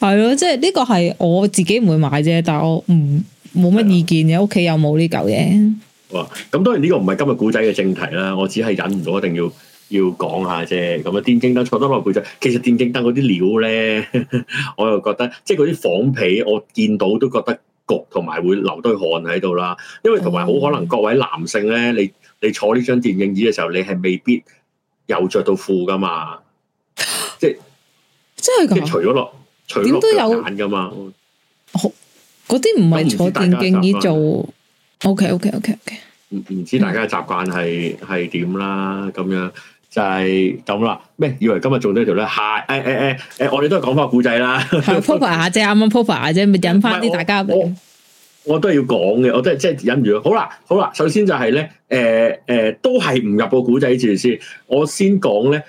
係咯、 啊，即係呢個係我自己唔會買啫，但係我唔。冇乜意見嘅，屋企的有冇呢嚿嘢？
哇、嗯！咁、嗯、當然呢個唔係今日古仔嘅正題啦，我只係忍唔到一定要要講下啫。咁啊，電競櫈坐得落背脊。其實電競櫈嗰啲料咧， 我又覺得即係嗰啲仿皮，我見到都覺得焗，同埋會流堆汗喺度啦。因為同埋好可能各位男性咧，你你坐呢張電競椅嘅時候，你係未必有着到褲噶嘛，啊、即係是即係咁，即除咗落，點都有，有眼噶嘛。哦
嗰啲唔係坐電競椅做，OK OK OK OK，唔唔
知大家嘅習慣係係點啦？咁樣就係咁啦。咩以為今日做呢條咧？吓！誒誒誒誒，我哋都係講翻古仔啦。係
proper 下啫，啱啱 proper 下啫，咪引翻啲大家我。
我我都係要講嘅，我都係即係忍唔住。好啦好啦，首先就係、是、咧，誒、呃、誒、呃，都係唔入個古仔住先。我先講咧，誒、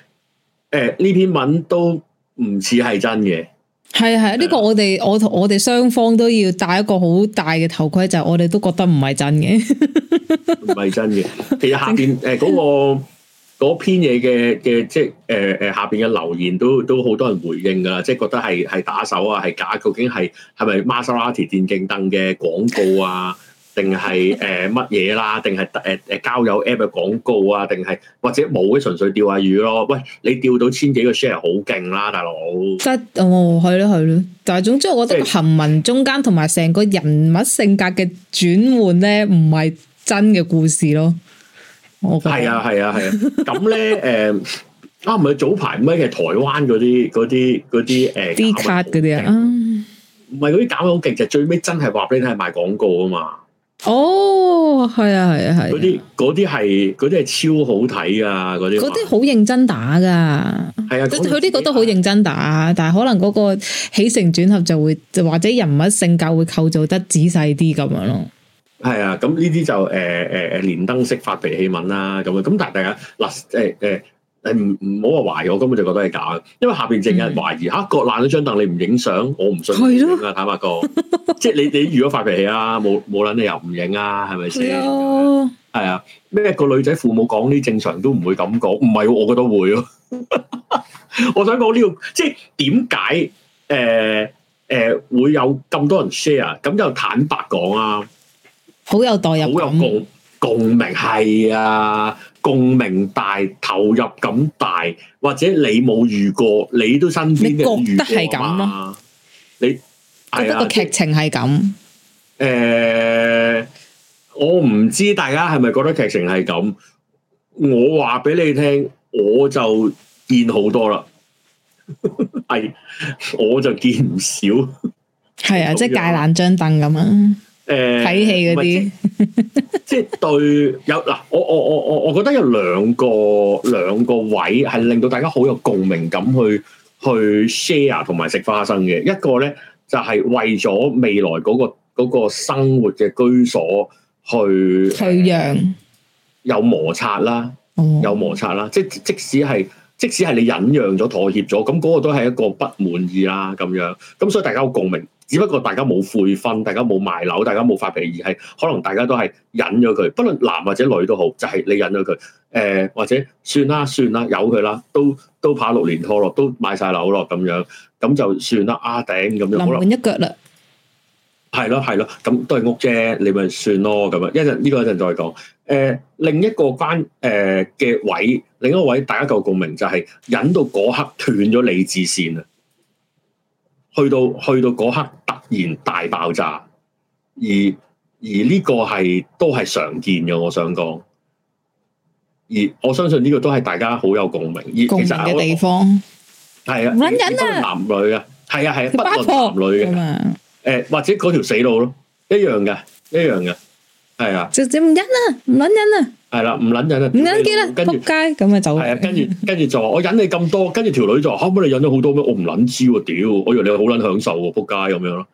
呃、呢篇文都唔似係真嘅。
係啊係啊，呢、呢個我哋我同我哋雙方都要戴一個好大嘅頭盔，就係、我哋都覺得唔係真嘅，
唔 係真嘅。其實下邊誒嗰個嗰篇嘢嘅嘅，即係誒誒下邊嘅留言都都好多人回應噶啦，即係覺得係係打手啊，係假，究竟係係咪 Maserati 電競凳嘅廣告啊？ 定係誒乜嘢啦？定係誒誒交友 App 嘅廣告啊？定係或者冇嘅純粹釣下魚咯？喂，你釣到千幾個 share 好勁啦，大佬！
得哦，係咯係咯，但係總之我覺得行文中間同埋成個人物性格嘅轉換咧，唔係真嘅故事咯。
我係啊係啊係啊！咁咧誒啊，唔係早排咩嘅台灣嗰啲嗰啲啲誒 D 卡嗰啲啊，唔係嗰啲搞得好勁，就最尾真係話俾你聽賣廣告啊嘛～
哦，係啊，係啊，係、啊。嗰啲
嗰啲係啲係超好睇啊，嗰啲。嗰啲
好認真打噶。係哇啊，佢啲覺得好認真打，但係可能嗰個起承轉合就會，就或者人物性格會構造得仔細啲咁樣
咯。係啊，咁呢啲就誒誒誒連登式發脾氣文啦咁啊，咁但係大家嗱誒誒。誒，唔唔好話懷疑，我根本就覺得係假，因為下邊淨係懷疑吓，割爛咗張凳，你唔影相，我唔信噶。係咯坦白講，即係你你如果發脾氣啊，冇冇撚理由你又唔影啊，係咪先？係啊，咩個女仔父母講啲正常都唔會咁講，唔係我我覺得會咯。 我想講呢個即係點解誒誒會有咁多人 share，咁就坦白講啊，好有代入感好有共，共共鳴係啊。共鳴大，投入感大，或者你冇遇過，你都身邊得遇過嘛？你覺得個劇
情係咁。誒、
哎，我唔知大家係咪覺得劇情係咁？我話俾你聽，我就見好多啦，係、 哎、我就見唔少。
係 啊，即係割爛張凳咁啊！
誒睇戲嗰啲，即係對有嗱，我我我我我覺得有兩個兩個位係令到大家好有共鳴感，去去 share 同埋食花生嘅。一個咧就係為咗未來嗰個嗰個生活嘅居所去退讓，有摩擦啦，有摩擦啦。即即使係即使係你忍讓咗、妥協咗，咁嗰個都係一個不滿意啦。咁樣，咁所以大家好共鳴。只不過大家冇悔婚，大家冇賣樓，大家冇發脾，而係可能大家都係忍咗佢，不論男或者女都好，就係、是、你忍咗佢，誒、呃、或者算啦算啦，由佢啦，都都拍六年拖咯，都買晒樓咯，咁樣咁就算啦啊頂咁樣，樣，樣，臨門一腳啦，係咯係咯，咁都係屋啫，你咪算咯咁啊，一陣呢個一陣再講，誒另一個關誒嘅位，另一個位大家夠共鳴就係、是、忍到嗰刻斷咗理智線啊！去到去到嗰刻突然大爆炸，而而呢個係都係常見嘅，我想講。而我相信呢個都係大家好有共鳴，共鳴嘅地方，而其實我，嗯、我係啊，唔撚忍啊，男女啊，係啊係啊，不論男女嘅誒、欸，或者嗰條死路咯，一樣嘅一樣嘅，係啊，
直接唔忍啊，唔撚忍啊！
係啦，唔撚忍啦，唔撚啦，仆街咁啊！走係啊，跟住跟住就話我忍你咁多，跟住條女就話可唔可以你忍咗好多咩？我唔撚知喎，屌！我以為你好撚享受喎，仆街咁樣咯。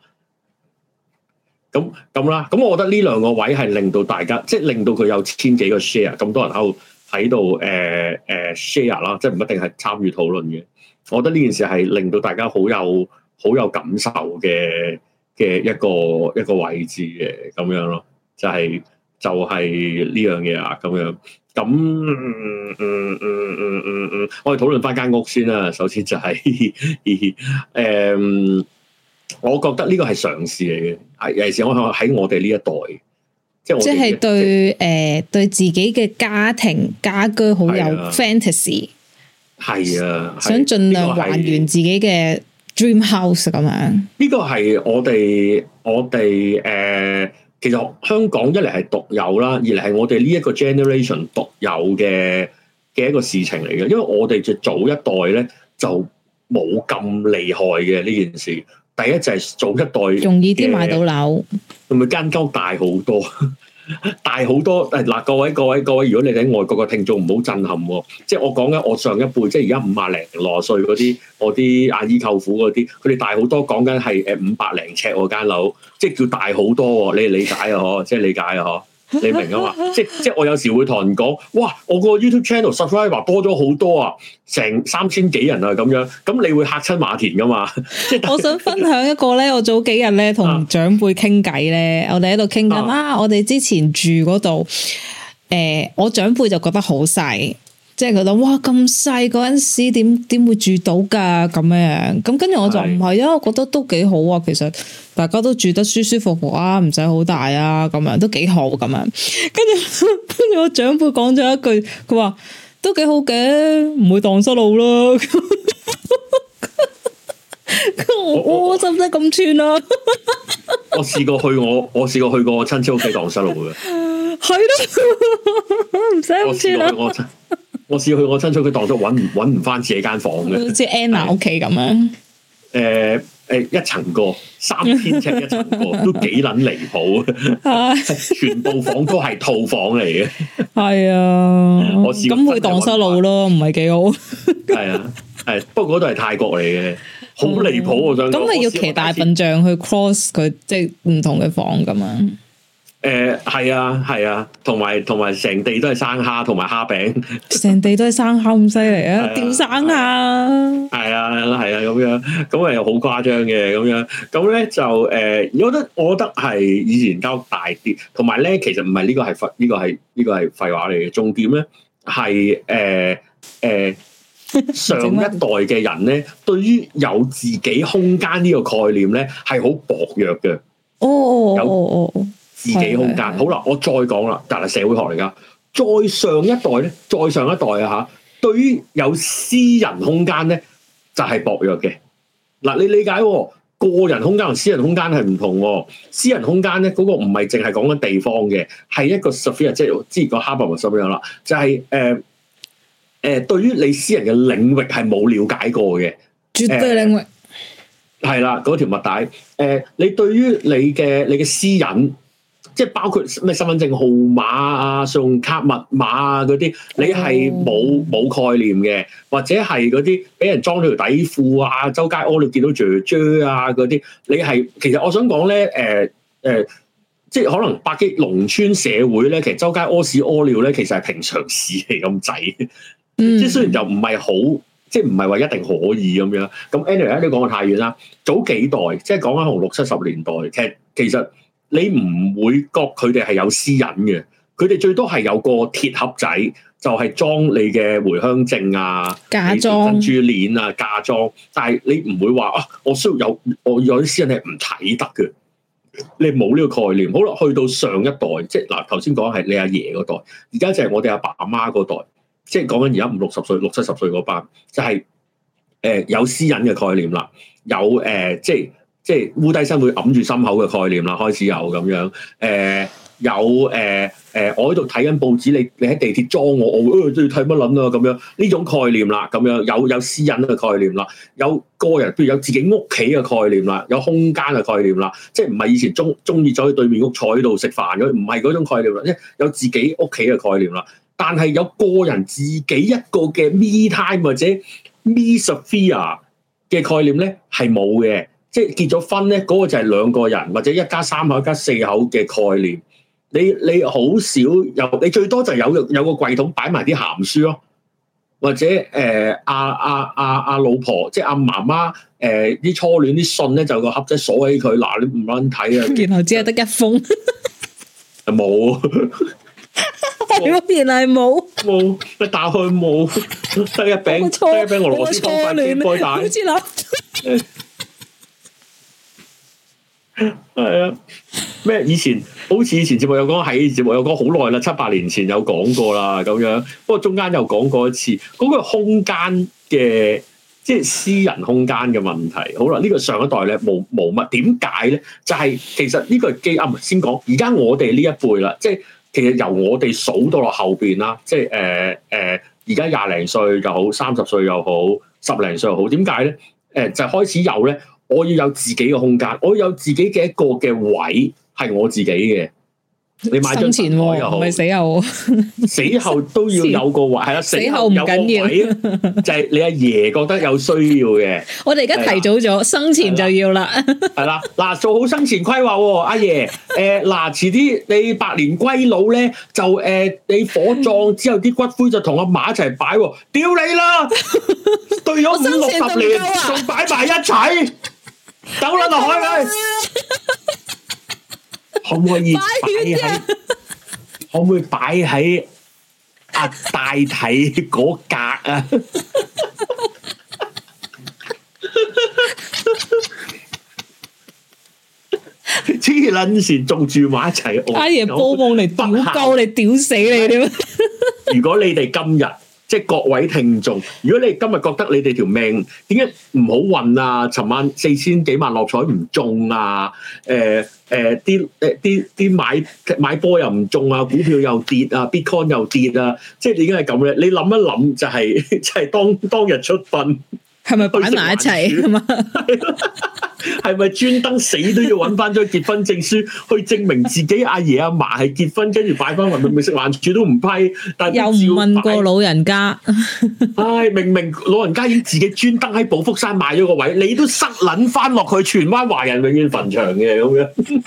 咁咁啦，咁我覺得呢兩個位係令到大家，即係令到佢有千幾個 share，咁多人喺度喺度誒誒 share 啦，即係唔一定係參與討論嘅。我覺得呢件事係令到大家好有好有感受嘅嘅一個，一個，一個，一個位置嘅咁樣咯，就係、是。就係呢樣嘢啊，咁樣咁，嗯嗯嗯嗯嗯嗯，我哋討論翻間屋先啦。首先就係、是，誒、嗯，我覺得呢個係嘗試嚟嘅，尤其是我喺我哋呢一代，即係即係
對誒、就是呃，對自己嘅家庭家居好有 fantasy，
係啊，啊啊想盡量還
原自己嘅 dream house 咁樣。
呢個係我哋我哋誒。呃其實香港一嚟係獨有啦，二嚟係我哋呢一個 generation 獨有嘅嘅一個事情嚟嘅，因為我哋就早一代咧就冇咁厲害嘅呢件事。第一就係早一代容易啲買到樓，係咪間屋大好多？ 大好多，誒嗱、啊，各位各位各位，如果你哋喺外國嘅聽眾唔好震撼喎、哦，即係我講緊我上一輩，即係而家五啊零羅歲嗰啲，我啲阿姨舅父嗰啲，佢哋大好多，講緊係誒五百零尺嗰間樓，即係叫大好多、哦，你理解啊？嗬，即係理解啊？嗬。你明啊嘛？ 即即我有時會同人講，哇！我個 YouTube channel subscriber 多咗好多啊，成三千幾人啊咁樣，咁你會嚇親馬田噶嘛？即
我想分享一個咧，我早幾日咧同長輩傾偈咧，啊、我哋喺度傾緊啊，我哋之前住嗰度，誒、呃，我長輩就覺得好細。即係佢諗，哇咁細嗰陣時點點會住到噶咁樣？咁跟住我就唔係啊，我覺得都幾好啊。其實大家都住得舒舒服服啊，唔使好大啊，咁樣都幾好咁樣。跟住跟住我長輩講咗一句，佢話都幾好嘅，唔會蕩失路咯。咁我使唔使咁串啊？
我試過去我我試過去過親戚屋企蕩失路
嘅，係咯 對、哦，唔使咁串啦。
我試去我親戚，佢當咗搵唔搵唔翻自己間房
嘅，好似 Anna 屋企咁樣。
誒誒、呃呃、一層過三千尺一層過， 都幾捻離譜啊！ 全部房都係套房嚟嘅，係 啊。
我咁佢蕩失路咯，唔係幾好。
係 啊，係。不過嗰度係泰國嚟嘅，好離譜。嗯、我想咁你、嗯、 要騎
大笨象去 cross 佢，即係唔同嘅房咁啊！
誒，係、呃、啊，係啊，同埋同埋成地都係生蝦，同埋蝦餅，
成地都係生蝦咁犀利啊！釣生蝦！
係啊，係啊，咁樣咁啊，好誇張嘅咁樣。咁咧就誒、呃，我覺得我覺得係以前交大啲，同埋咧，其實唔係呢個係廢，呢、這個係呢、這個係廢、這個、話嚟嘅。重點咧係誒誒，上一代嘅人咧， 對於有自己空間呢個概念咧，係好薄弱嘅。哦，有，哦。自己空間是是是好啦，我再講啦，但係社會學嚟㗎。再上一代咧，再上一代啊嚇，對於有私人空間咧，就係、是、薄弱嘅。嗱、啊，你理解、哦、個人空間同私人空間係唔同喎。私人空間咧，嗰、那個唔係淨係講緊地方嘅，係一個 sphere 即係之前講哈佛同咁樣啦，就係誒誒，對於你私人嘅領域係冇了解過嘅，絕對領域係啦，嗰、呃、條物帶、呃、你對於你嘅你嘅私隱。即係包括咩身份證號碼啊、信用卡密碼啊嗰啲，你係冇冇概念嘅，或者係嗰啲俾人裝咗條底褲啊，周街屙尿見到雀雀啊嗰啲，你係其實我想講咧，誒、呃、誒、呃，即係可能百幾農村社會咧，其實周街屙屎屙尿咧，其實係平常事嚟咁滯。即係雖然就唔係好，即係唔係話一定可以咁樣。咁 Anyway，都講過太遠啦。早幾代即係講緊紅六七十年代，其實其實。你唔會覺佢哋係有私隱嘅，佢哋最多係有個鐵盒仔，就係、是、裝你嘅回鄉證啊、嫁妝、珠鏈啊、嫁妝。但係你唔會話啊，我需要有我有啲私隱係唔睇得嘅，你冇呢個概念。好啦，去到上一代，即係嗱頭先講係你阿爺嗰代，而家就係我哋阿爸阿媽嗰代，即係講緊而家五六十歲、六七十歲嗰班，就係、是、誒、呃、有私隱嘅概念啦，有誒、呃、即係。即係烏低身會揞住心口嘅概念啦，開始有咁樣。誒有誒誒，我喺度睇緊報紙，你你喺地鐵裝我，我都要睇乜撚啊？咁樣呢種概念啦，咁樣有有私隱嘅概念啦，有個人，譬如有自己屋企嘅概念啦，有空間嘅概念啦，即係唔係以前中中意走去對面屋坐喺度食飯，唔係嗰種概念啦，有自己屋企嘅概念啦。但係有個人自己一個嘅 me time 或者 me sphere 嘅概念咧，係冇嘅。即係結咗婚咧，嗰、嗰個就係兩個人或者一家三口、一家四口嘅概念。你你好少有，你最多就係有，有個有個櫃筒擺埋啲鹹書咯，或者誒阿阿阿阿老婆即係阿媽媽誒啲初戀啲信咧，就、個盒仔鎖起佢嗱，你唔撚睇啊？然後只係得一封，冇，原來冇冇有， 你打開冇得一餅得一餅俄羅斯方塊雞雞蛋。係啊，咩以前好似以前節目有講，喺節目有講好耐啦，七八年前有講過啦咁樣。不過中間又講過一次，嗰個空間嘅即係私人空間嘅問題。好啦，呢個上一代咧冇冇乜，點解咧？就係其實呢個機啱先講。而家我哋呢一輩啦，即係其實由我哋數到落後邊啦，即係誒誒，而家廿零歲又好，三十歲又好，十零歲又好，點解咧？誒，就開始有咧。我要有自己嘅空間，我要有自己嘅一個嘅位係我自己嘅。你買咗棺材又好，唔係、啊、
死後、
啊， 死後都要有個位，係啦，死後唔緊要，就 係你阿爺、爺覺得有需要嘅。
我哋而家提早咗，啊、生前就要啦。
係 啦、啊，嗱、啊，做好生前規劃喎、啊，阿、啊、爺。誒、呃、嗱、呃，遲啲你百年歸老咧，就誒、呃、你火葬之後啲骨灰就同阿馬一齊擺、啊，屌你啦，鬥咗五六十年仲 擺埋一齊。走落去，可唔可以擺喺？可唔可以擺喺啊？大體嗰格啊！黐捻線仲住埋一齊，阿爺報夢嚟，屌鳩你，屌死你！點？如果你哋今日。即係各位聽眾，如果你今日覺得你哋條命點解唔好運啊？尋晚四千幾萬落彩唔中啊！誒、呃、誒，啲誒啲啲買買波又唔中啊，股票又跌啊，bitcoin 又跌啊，即係點解係咁咧。你諗一諗就係、是、就係、是、當當日出分。係咪擺埋一齊啊？係咪專登死都要揾翻張結婚證書 去證明自己 阿爺阿嫲係結婚，跟住擺翻埋咪食環署都唔批。但又唔問過老人家，唉、 哎，明明老人家已經自己專登喺寶福山買咗個位，你都塞捻翻落去荃灣華人永遠墳場嘅咁樣。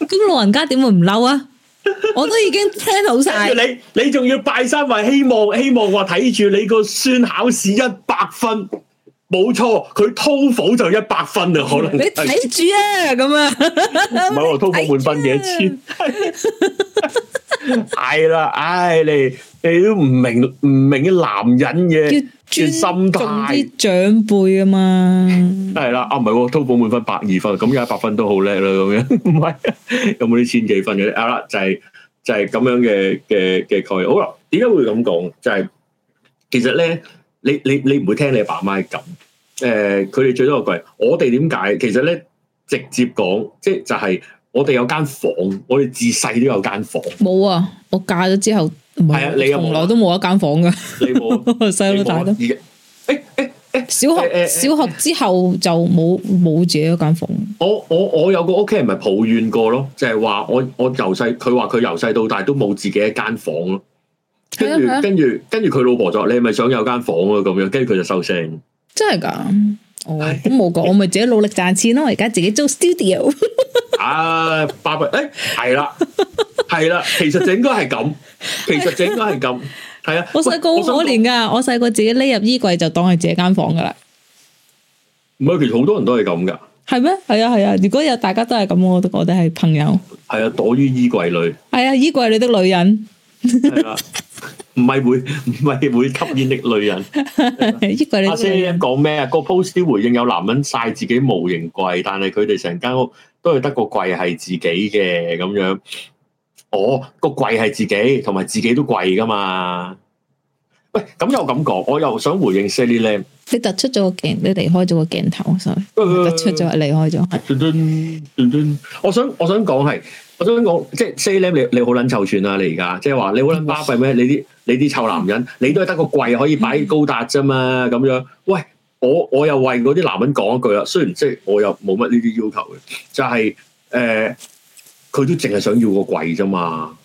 咁 老人家點會唔嬲啊？
我都已經聽到晒，你你仲要拜山，話希望希望我睇住你個孫考試一百分，冇錯，佢託福就一百分啊，可能 你睇住
啊，咁啊，
唔係我託福滿分幾多千，係啦，唉你。你都唔明唔明啲男人嘅啲專心態，做啲長輩啊嘛。係啦， 啊唔係，淘寶滿分百二分，咁有一百分都好叻啦咁樣。唔係，有冇啲千幾分嘅？啊啦，就係、是、就係、是、咁樣嘅嘅嘅概念。好啦，點解會咁講？就係、是、其實咧，你你你唔會聽你爸媽咁。誒、呃，佢哋最多個句，我哋點解？其實咧，直接講，即係就係、是就是。我哋有間房，我哋自細都有間房。
冇啊！我嫁咗之後，唔係啊，你又從來
都冇一間房噶。你冇，細佬大都。
小學小學之後就冇冇自己一間房。
我我我有個屋企人咪抱怨過咯，就係話我我由細佢話佢由細到大都冇自己一間房咯。跟住跟住跟住佢老婆就話你咪想有間房啊？咁樣，跟住佢就收聲。
真係噶、哦，我都冇噶，我咪自己努力賺錢咯。而家自己租 studio。
啊，八百誒，係啦，係啦，其實整個係咁，其實整個係咁，係啊。我細個好可
憐噶，我細個自己匿入衣櫃就當係自己間房噶啦。
唔係，其實好多人都係咁噶。
係咩？係啊，係啊。如果有大家都係咁，我都覺得係朋友。
係啊，躲於衣櫃裏。
係啊，衣櫃裏的女人。
唔係會唔係會吸煙的女人？衣櫃裏。阿 Sir，你講咩啊？個 post 啲回應有男人晒自己模型櫃，但係佢哋成間屋。都係得個櫃係自己嘅咁樣，我、哦、個櫃係自己，同埋自己都貴噶嘛。喂，咁又咁講，我又想回應 Saylem。e
你突出咗個鏡，你離開咗個鏡頭，我想，突出咗，離開咗。
我想我想講係，我、就、想、是、講即係 Saylem，你你好撚臭串啦，你而家即係話你好撚巴閉咩？你啲、就是、你啲臭男人，你都係得個櫃可以擺高達啫嘛，咁樣喂。我我又為嗰啲男人講一句啦，雖然即係我又冇乜呢啲要求嘅，就係、是、誒、佢、呃、都淨係想要個櫃啫嘛，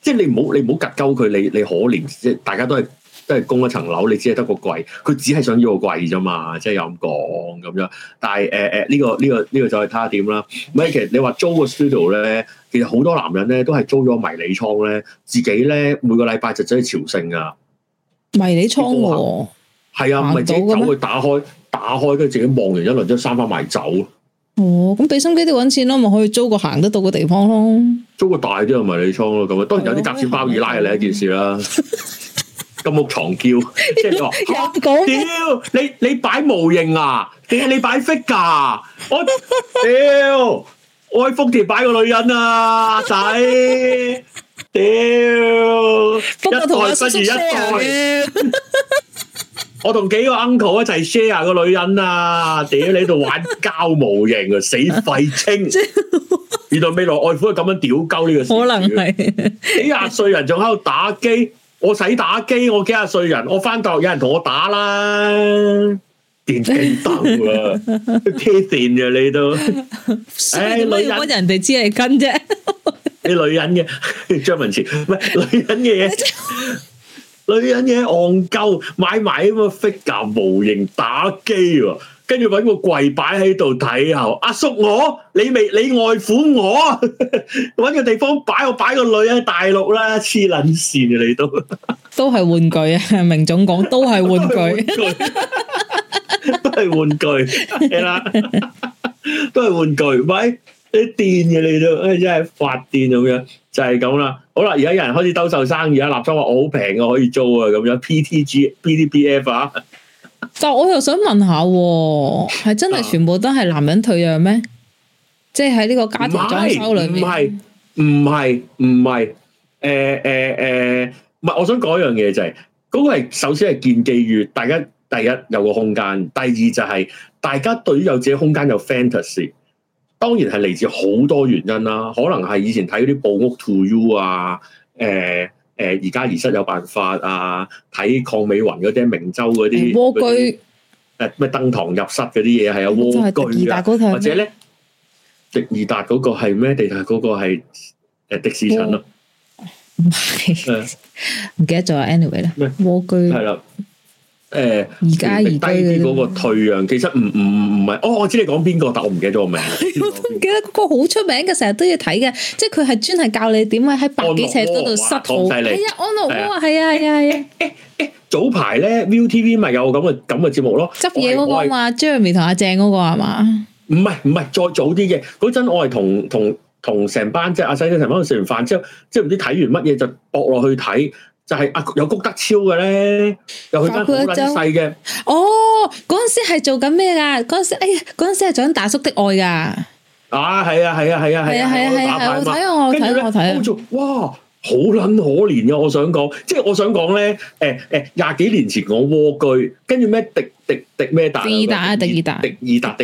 即係你唔好你唔好夾鳩佢，你你，你可憐，即係大家都係都係供一層樓，你只係得個櫃，佢只係想要個櫃啫嘛，即係有咁講咁樣。但係誒誒、呢、呃這個呢、這個呢、這個這個就係睇下點啦。咁其實你話租個 studio 咧，其實好多男人咧都係租咗迷你倉咧，自己咧每個禮拜就走去朝聖噶，迷你倉、哦。係啊，唔係自己走去打開，打開，跟住自己望、啊、完一輪，之後閂翻埋走。
哦，咁俾心機啲揾錢咯，咪可以租個行得到嘅地方咯。
租個大啲嘅迷你倉咯，咁 啊樂，當然有啲集線包二奶嘅另一件事啦。金屋藏嬌，即係話，屌你你擺模型啊？定係你擺 figure？我屌，我福田擺個女人啊，仔屌，一代不如一代。我同幾個 uncle 一齊 share 個女人啊！屌你度玩膠模型啊！死廢青！原來 未來外父係咁樣屌鳩呢個事，可能係 幾廿歲人仲喺度打機。我使打機，我幾廿歲人，我翻大學有人同我打啦。電競鬥啊，黐綫嘅你都，哎 女人
人哋知係跟啫，
啲 文字 女人嘅張文慈，唔係女人嘅嘢。女人嘢戇鳩，買埋咁嘅 figure 模型打機喎，跟住揾個櫃擺喺度睇後，阿叔我，你未你外父我，揾個地方擺我擺個女人喺大陸啦，黐捻線你都，
都係玩具啊！明總講都係玩具，
都係玩具係啦，都係玩具，喂。啲癲嘅你都，唉、哎、真係發癲咁樣，就係咁啦。好啦，而家有人開始兜售生意啊，立章話我好平嘅可以租啊，咁樣。PTG、PTPF 啊，
但我又想問下，係真係全部都係男人退讓咩？啊、即係喺呢個家庭裝修裏面，唔
係唔係唔係，誒誒誒，唔係、呃呃呃。我想講一樣嘢就係、是，嗰、那個係首先係建基於大家第一有個空間，第二就係、是、大家對於有自己空間有 fantasy。當然係嚟自好多原因啦，可能係以前睇嗰啲暴屋 to you 啊，誒、欸、誒，而家而室有辦法啊，睇鄺美雲嗰啲、明州嗰啲蝸居，誒咩、欸、登堂入室嗰啲嘢係啊蝸居啊，或者咧迪爾達嗰個係咩地？嗰個係迪士尼咯，唔 係，唔記得咗，anyway 咧蝸居係啦。拐 而低啲嗰個退讓，其實唔唔唔係，哦，我知你講邊個，但我唔記得咗個名。我
都唔記得嗰個好出名嘅，成日都要睇嘅，即係佢係專係教你點樣喺百幾尺嗰度塞。好，係啊，Anno 係啊，係、哎、啊，係啊。
早排咧 ViuTV 咪有咁嘅咁嘅節目咯。
執嘢嗰、嗰個嘛，Jeremy 同阿鄭嗰個係嘛？
唔係唔係，再早啲嘅嗰陣，我係同同同成班即係阿西西成班食完飯之後，即係唔知睇完乜嘢就搏落去睇。就係阿有谷德超嘅咧，又佢真係好細嘅。
哦，嗰陣時係做緊咩噶？嗰陣時，哎呀，嗰陣時係做緊大叔的愛噶。
啊，係啊，係啊，係啊，係啊，係啊，我睇啊，我睇啊，我睇啊。哇，好卵可憐啊！我想講，即係我想講咧，誒誒，廿幾年前我蝸居，跟住咩？迪、迪、迪咩？達？爾迪啊，爾迪爾達，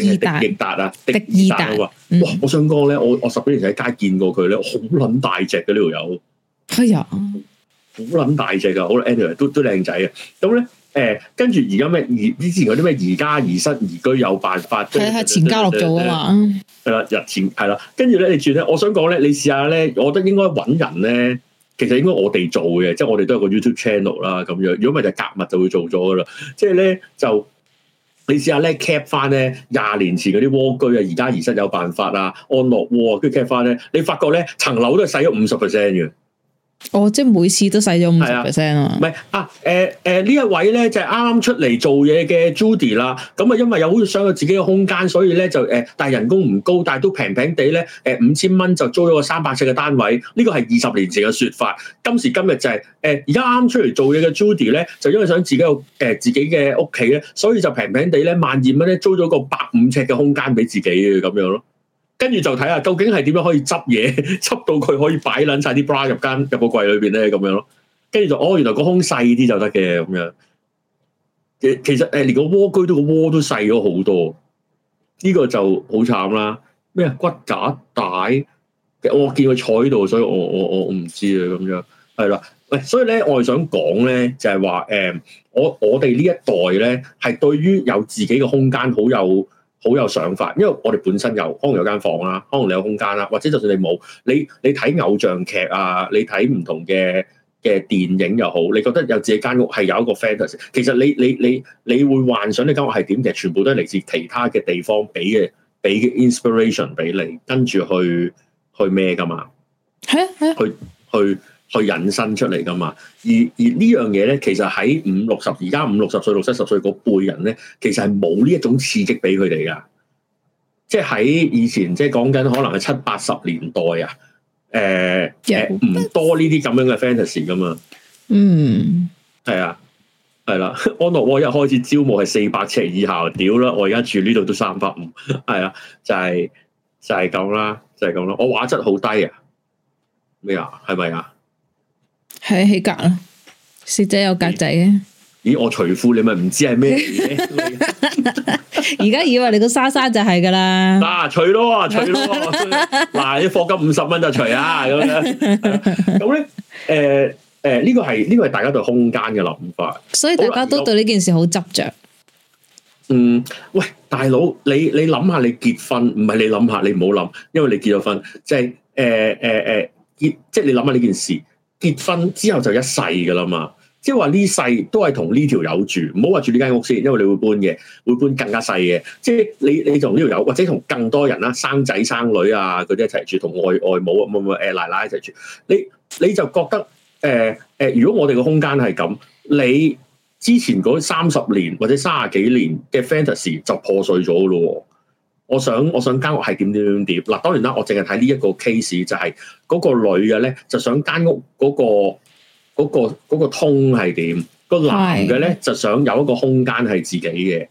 迪達啊，迪達。哇！我想講咧，我我十幾年前喺街見過佢咧，好卵大隻嘅呢條友。係啊。好諗大隻噶，好啦 anyway 都都靚仔啊！咁咧，誒，跟住而家咩？而以前嗰啲咩？宜家宜室宜居有辦法，係係的後錢家樂做嘛。係啦，日前係啦，跟住咧，你轉咧，我想講咧，你試下咧，我覺得應該搵人咧，其實應該我哋做嘅，即係我哋都有個 YouTube channel 啦，咁樣，如果唔係就隔密就會做咗噶啦。即係咧就，你試下咧 cap 翻咧廿年前嗰啲蝸居啊，宜家宜室有辦法啊，安樂喎，跟住 cap 翻咧，你發覺咧層樓都係細咗五十 percent 嘅。
哦，即係每次都使咗五十 percent 啊？
唔係啊，誒、呃、誒，呃、呢一位咧就係啱啱出嚟做嘢嘅 Judy 啦。咁啊，因為有好想有自己嘅空間，所以咧就誒、呃，但係人工唔高，但係都平平地咧，誒五千蚊就租咗個三百尺嘅單位。呢、呢個係二十年前嘅說法，今時今日就係、係、誒，而家啱出嚟做嘢嘅 Judy 咧，就因為想自己有誒、呃、自己嘅屋企咧，所以就平平地咧萬二蚊咧租咗個百五尺嘅空間俾自己嘅咁樣咯。跟住就睇下究竟係點樣可以執嘢，執到佢可以擺捻晒啲 bra 入間入個櫃裏邊咧，咁樣咯。跟住就，哦，原來個空細啲就得嘅咁樣。其其實誒、呃，連個蝸居都個窩都細咗好多，呢、這個就好慘啦。咩啊，骨架大，哦。我見佢坐喺度，所以我我我我唔知啊，咁樣係啦。喂，所以咧，我係想講咧，就係話誒，我我哋呢一代咧，係對於有自己嘅空間好有。好有想法，因為我哋本身有，可能有間房啦、啊，可能你有空間啦、啊，或者就算你冇，你你睇偶像劇啊，你睇唔同嘅嘅電影又好，你覺得有自己間屋係有一個 fantasy，其實你你你你，你會幻想你間屋係點嘅，全部都係嚟自其他嘅地方俾嘅，俾嘅 inspiration 俾你跟住去去咩㗎嘛，嚇嚇，去 去。去去引申出嚟噶嘛？而而呢樣嘢咧，其實喺五六十，而家五六十歲六七十歲嗰輩人咧，其實係冇呢一種刺激俾佢哋噶。即係喺以前，即係講緊可能係七八十年代啊。誒、欸、唔、欸、多呢啲咁樣嘅 fantasy 噶嘛。嗯，係、嗯、啊，係啦、啊。啊、 安樂窩一開始招募係四百尺以下，屌啦！我而家住呢度都三百五，係啊，就係、是、就係、是、咁啦，就係、是、咁啦。我畫質好低啊？咩啊？係咪啊？
係起格咯，蝕仔有格仔嘅。
咦， 我除褲，你咪唔知係咩？
而 家樂以為你個沙沙就係噶啦。
嗱， 除、啊、咯，除咯。嗱，你貨、 啊、金五十蚊就除啦。咁樣咁咧，誒 誒，呢個係呢個係，呃、大家對空間嘅諗法。所以大家都對
呢件事好執
着。嗯，喂，大佬，你你諗下，你結婚唔係你諗下，你唔好諗，因為你結咗婚，即係誒誒誒，結，即、就、係、是、你諗下呢件事。結婚之後就一世噶啦嘛，即係話呢世都係同呢條友住，唔好話住呢間屋先，因為你會搬嘅，會搬更加細嘅。即係你你同呢條友，或者同更多人啦，生仔生女啊嗰啲一齊住，同外外母啊，唔誒奶奶一齊住，你你就覺得誒誒，如果我哋個空間係咁，你之前嗰三十年或者三十幾年嘅 fantasy 就破碎咗咯。我想我想間屋係點點點點嗱，當然啦，我淨係睇呢一個 case，就係嗰個女嘅咧就想間屋嗰、嗰個嗰、嗰個嗰個、通係點，個男嘅咧就想有一個空間係自己嘅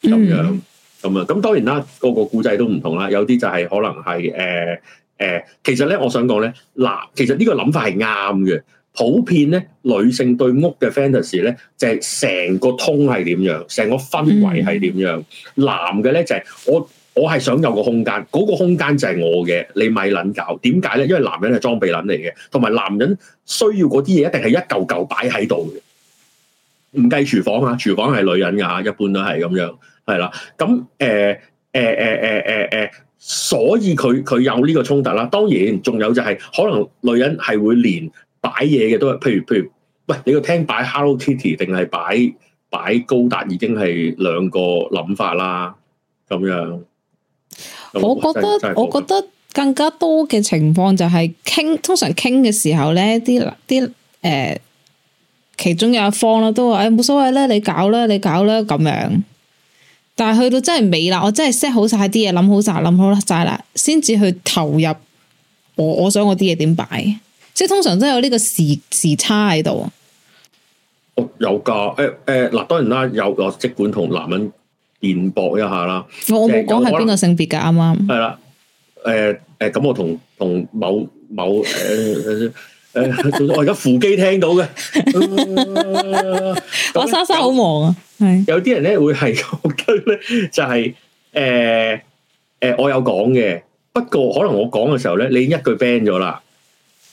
咁樣咁啊，咁當然啦，個個故仔都唔同啦，有啲就係、係、可能係誒誒，其實咧我想講咧嗱，其實呢其實個諗法係啱嘅，普遍咧女性對屋嘅 fantasy 咧就係、係、成個通係點樣，成個氛圍係點樣，嗯、男嘅咧就係、係、我。我係想有個空間，嗰個空間就係我嘅，你咪捻搞？點解咧？因為男人係裝備捻嚟嘅，同埋男人需要嗰啲嘢一定係一嚿嚿擺喺度嘅。唔計廚房啊，廚房係女人噶，一般都係咁樣係啦。咁誒誒誒誒誒誒，所以佢佢有呢個衝突啦。當然仲有就係可能女人係會連擺嘢嘅都，譬如譬如喂你個廳擺 Hello Kitty 定係擺擺高達，已經係兩個諗法啦，咁樣。我覺得我覺
得更加多嘅情況就係傾，通常傾嘅時候咧，啲啲誒，其中有一方啦都話誒，冇所謂咧，你搞啦，你搞啦咁樣。但係去到真係尾啦，我真係 set 好晒啲嘢，諗好晒，諗好晒啦，先至去投入我我想我啲嘢點擺，即係通常真係有呢個時時差喺度。
哦。有噶誒誒嗱，當然啦，有我即管同男人，辯駁一下啦，我冇講係邊個
性別噶，啱啱係
啦，誒誒，咁我同同某某誒誒，我而家扶機聽到嘅，
我莎莎好忙啊，
係有啲人咧會係覺得咧就係誒誒，我有講嘅，不過可能我講嘅時候咧，你一句 ban 咗啦，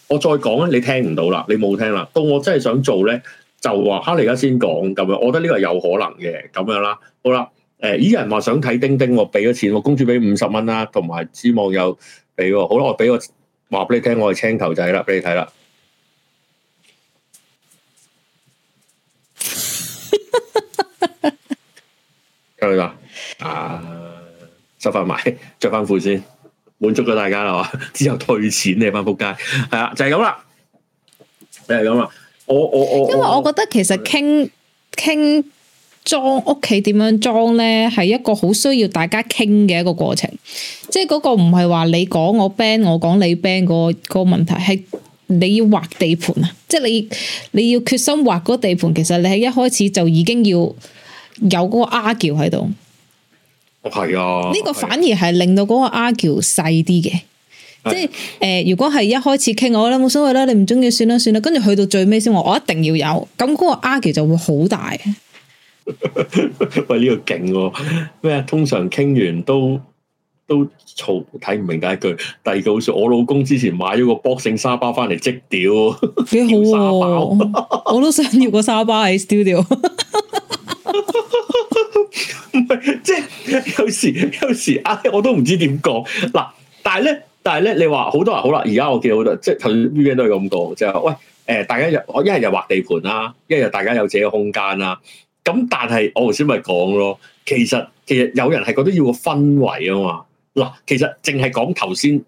我再講咧，你聽唔到啦，你冇聽啦，到我真係想做咧，就話哈你而家先講咁樣，我覺得呢個係有可能嘅，咁樣啦，好啦。誒！依、哎、人話想睇丁丁、哦哦啊哦，我俾咗錢，我公主俾五十蚊啦，同埋 G 網友俾，好啦，我俾個話俾你聽，我係青頭仔啦，俾你睇啦。夠啦，啊，收翻埋，着翻褲先，滿足咗大家啦，哇！之後退錢你翻撲街，係、啊、啦，就係咁啦，你係咁啦，我我我，我因為我覺得
其實傾傾。 裝屋企點樣裝呢？係一個好需要大家傾嘅一個過程。即係嗰個唔係話你講我 band，我講你 band 個、嗰個問題，係你要劃地盤啊！即係你你要決心劃嗰地盤，其實你喺一開始就已經要有嗰個 argue 喺度。
係啊，呢、啊、個反而
係令到嗰個 argue 細啲嘅。啊、即係誒、呃，如果係一開始傾，我覺得冇所謂啦，你唔中意算啦算啦，跟住去到最尾先我一定要有，咁嗰個 argue 就會好大。
喂，呢個勁喎、啊、咩？通常傾完都都嘈，睇唔明第一句，第二句好笑。我老公之前買咗個 boxing 沙包翻嚟即屌，
幾好啊！我都想要個沙包喺 studio。唔
係， 即係有時，有時啊，我都唔知點講嗱。但係咧，但係咧，你話好多人好啦。而家我見好多，即係佢先 VVN 都咁講，就喂誒、呃，大家有我一係又劃地盤啦，一日大家有自己嘅空間啦。咁但係我頭先咪講咯，其實其實有人係覺得要個氛圍啊嘛。嗱，其實淨係講頭先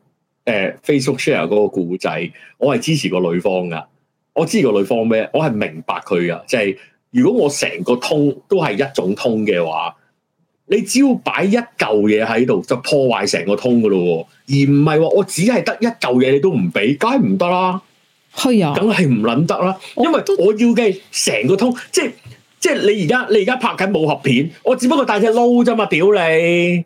誒 Facebook share 嗰個故仔，我係支持個女方噶。我支持個女方咩？我係明白佢噶，就係如果我成個通都係一種通嘅話，你只要擺一嚿嘢喺度就破壞成個通噶咯。而唔係話我只係得一嚿嘢，你都唔俾，梗係唔得啦。係啊也，梗係唔捻得啦，因為我要嘅成個通即係。即係你而家，你而家拍緊武俠片，我只不過大隻撈啫嘛，屌你！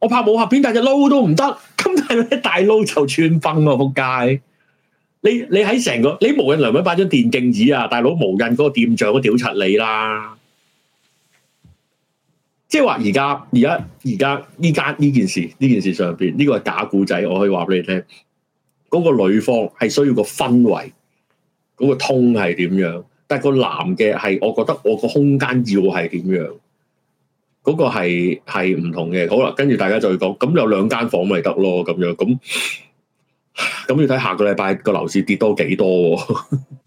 我拍武俠片大隻撈都唔得，咁大隻大撈就穿崩啊！仆街！你你喺成個你無印良品擺張電競椅啊，大佬無印嗰個店長都屌柒你啦！即係話而家而家而家呢間呢件事呢件事上邊呢個係假古仔，我可以話俾你聽。嗰個女方係需要個氛圍，嗰個通係點樣？但個男嘅係，我覺得我個空間要係點樣，嗰個係係唔同嘅。好啦，跟住大家就會講，咁有兩間房咪得咯，咁樣咁，咁要睇下個禮拜個樓市跌多幾多喎。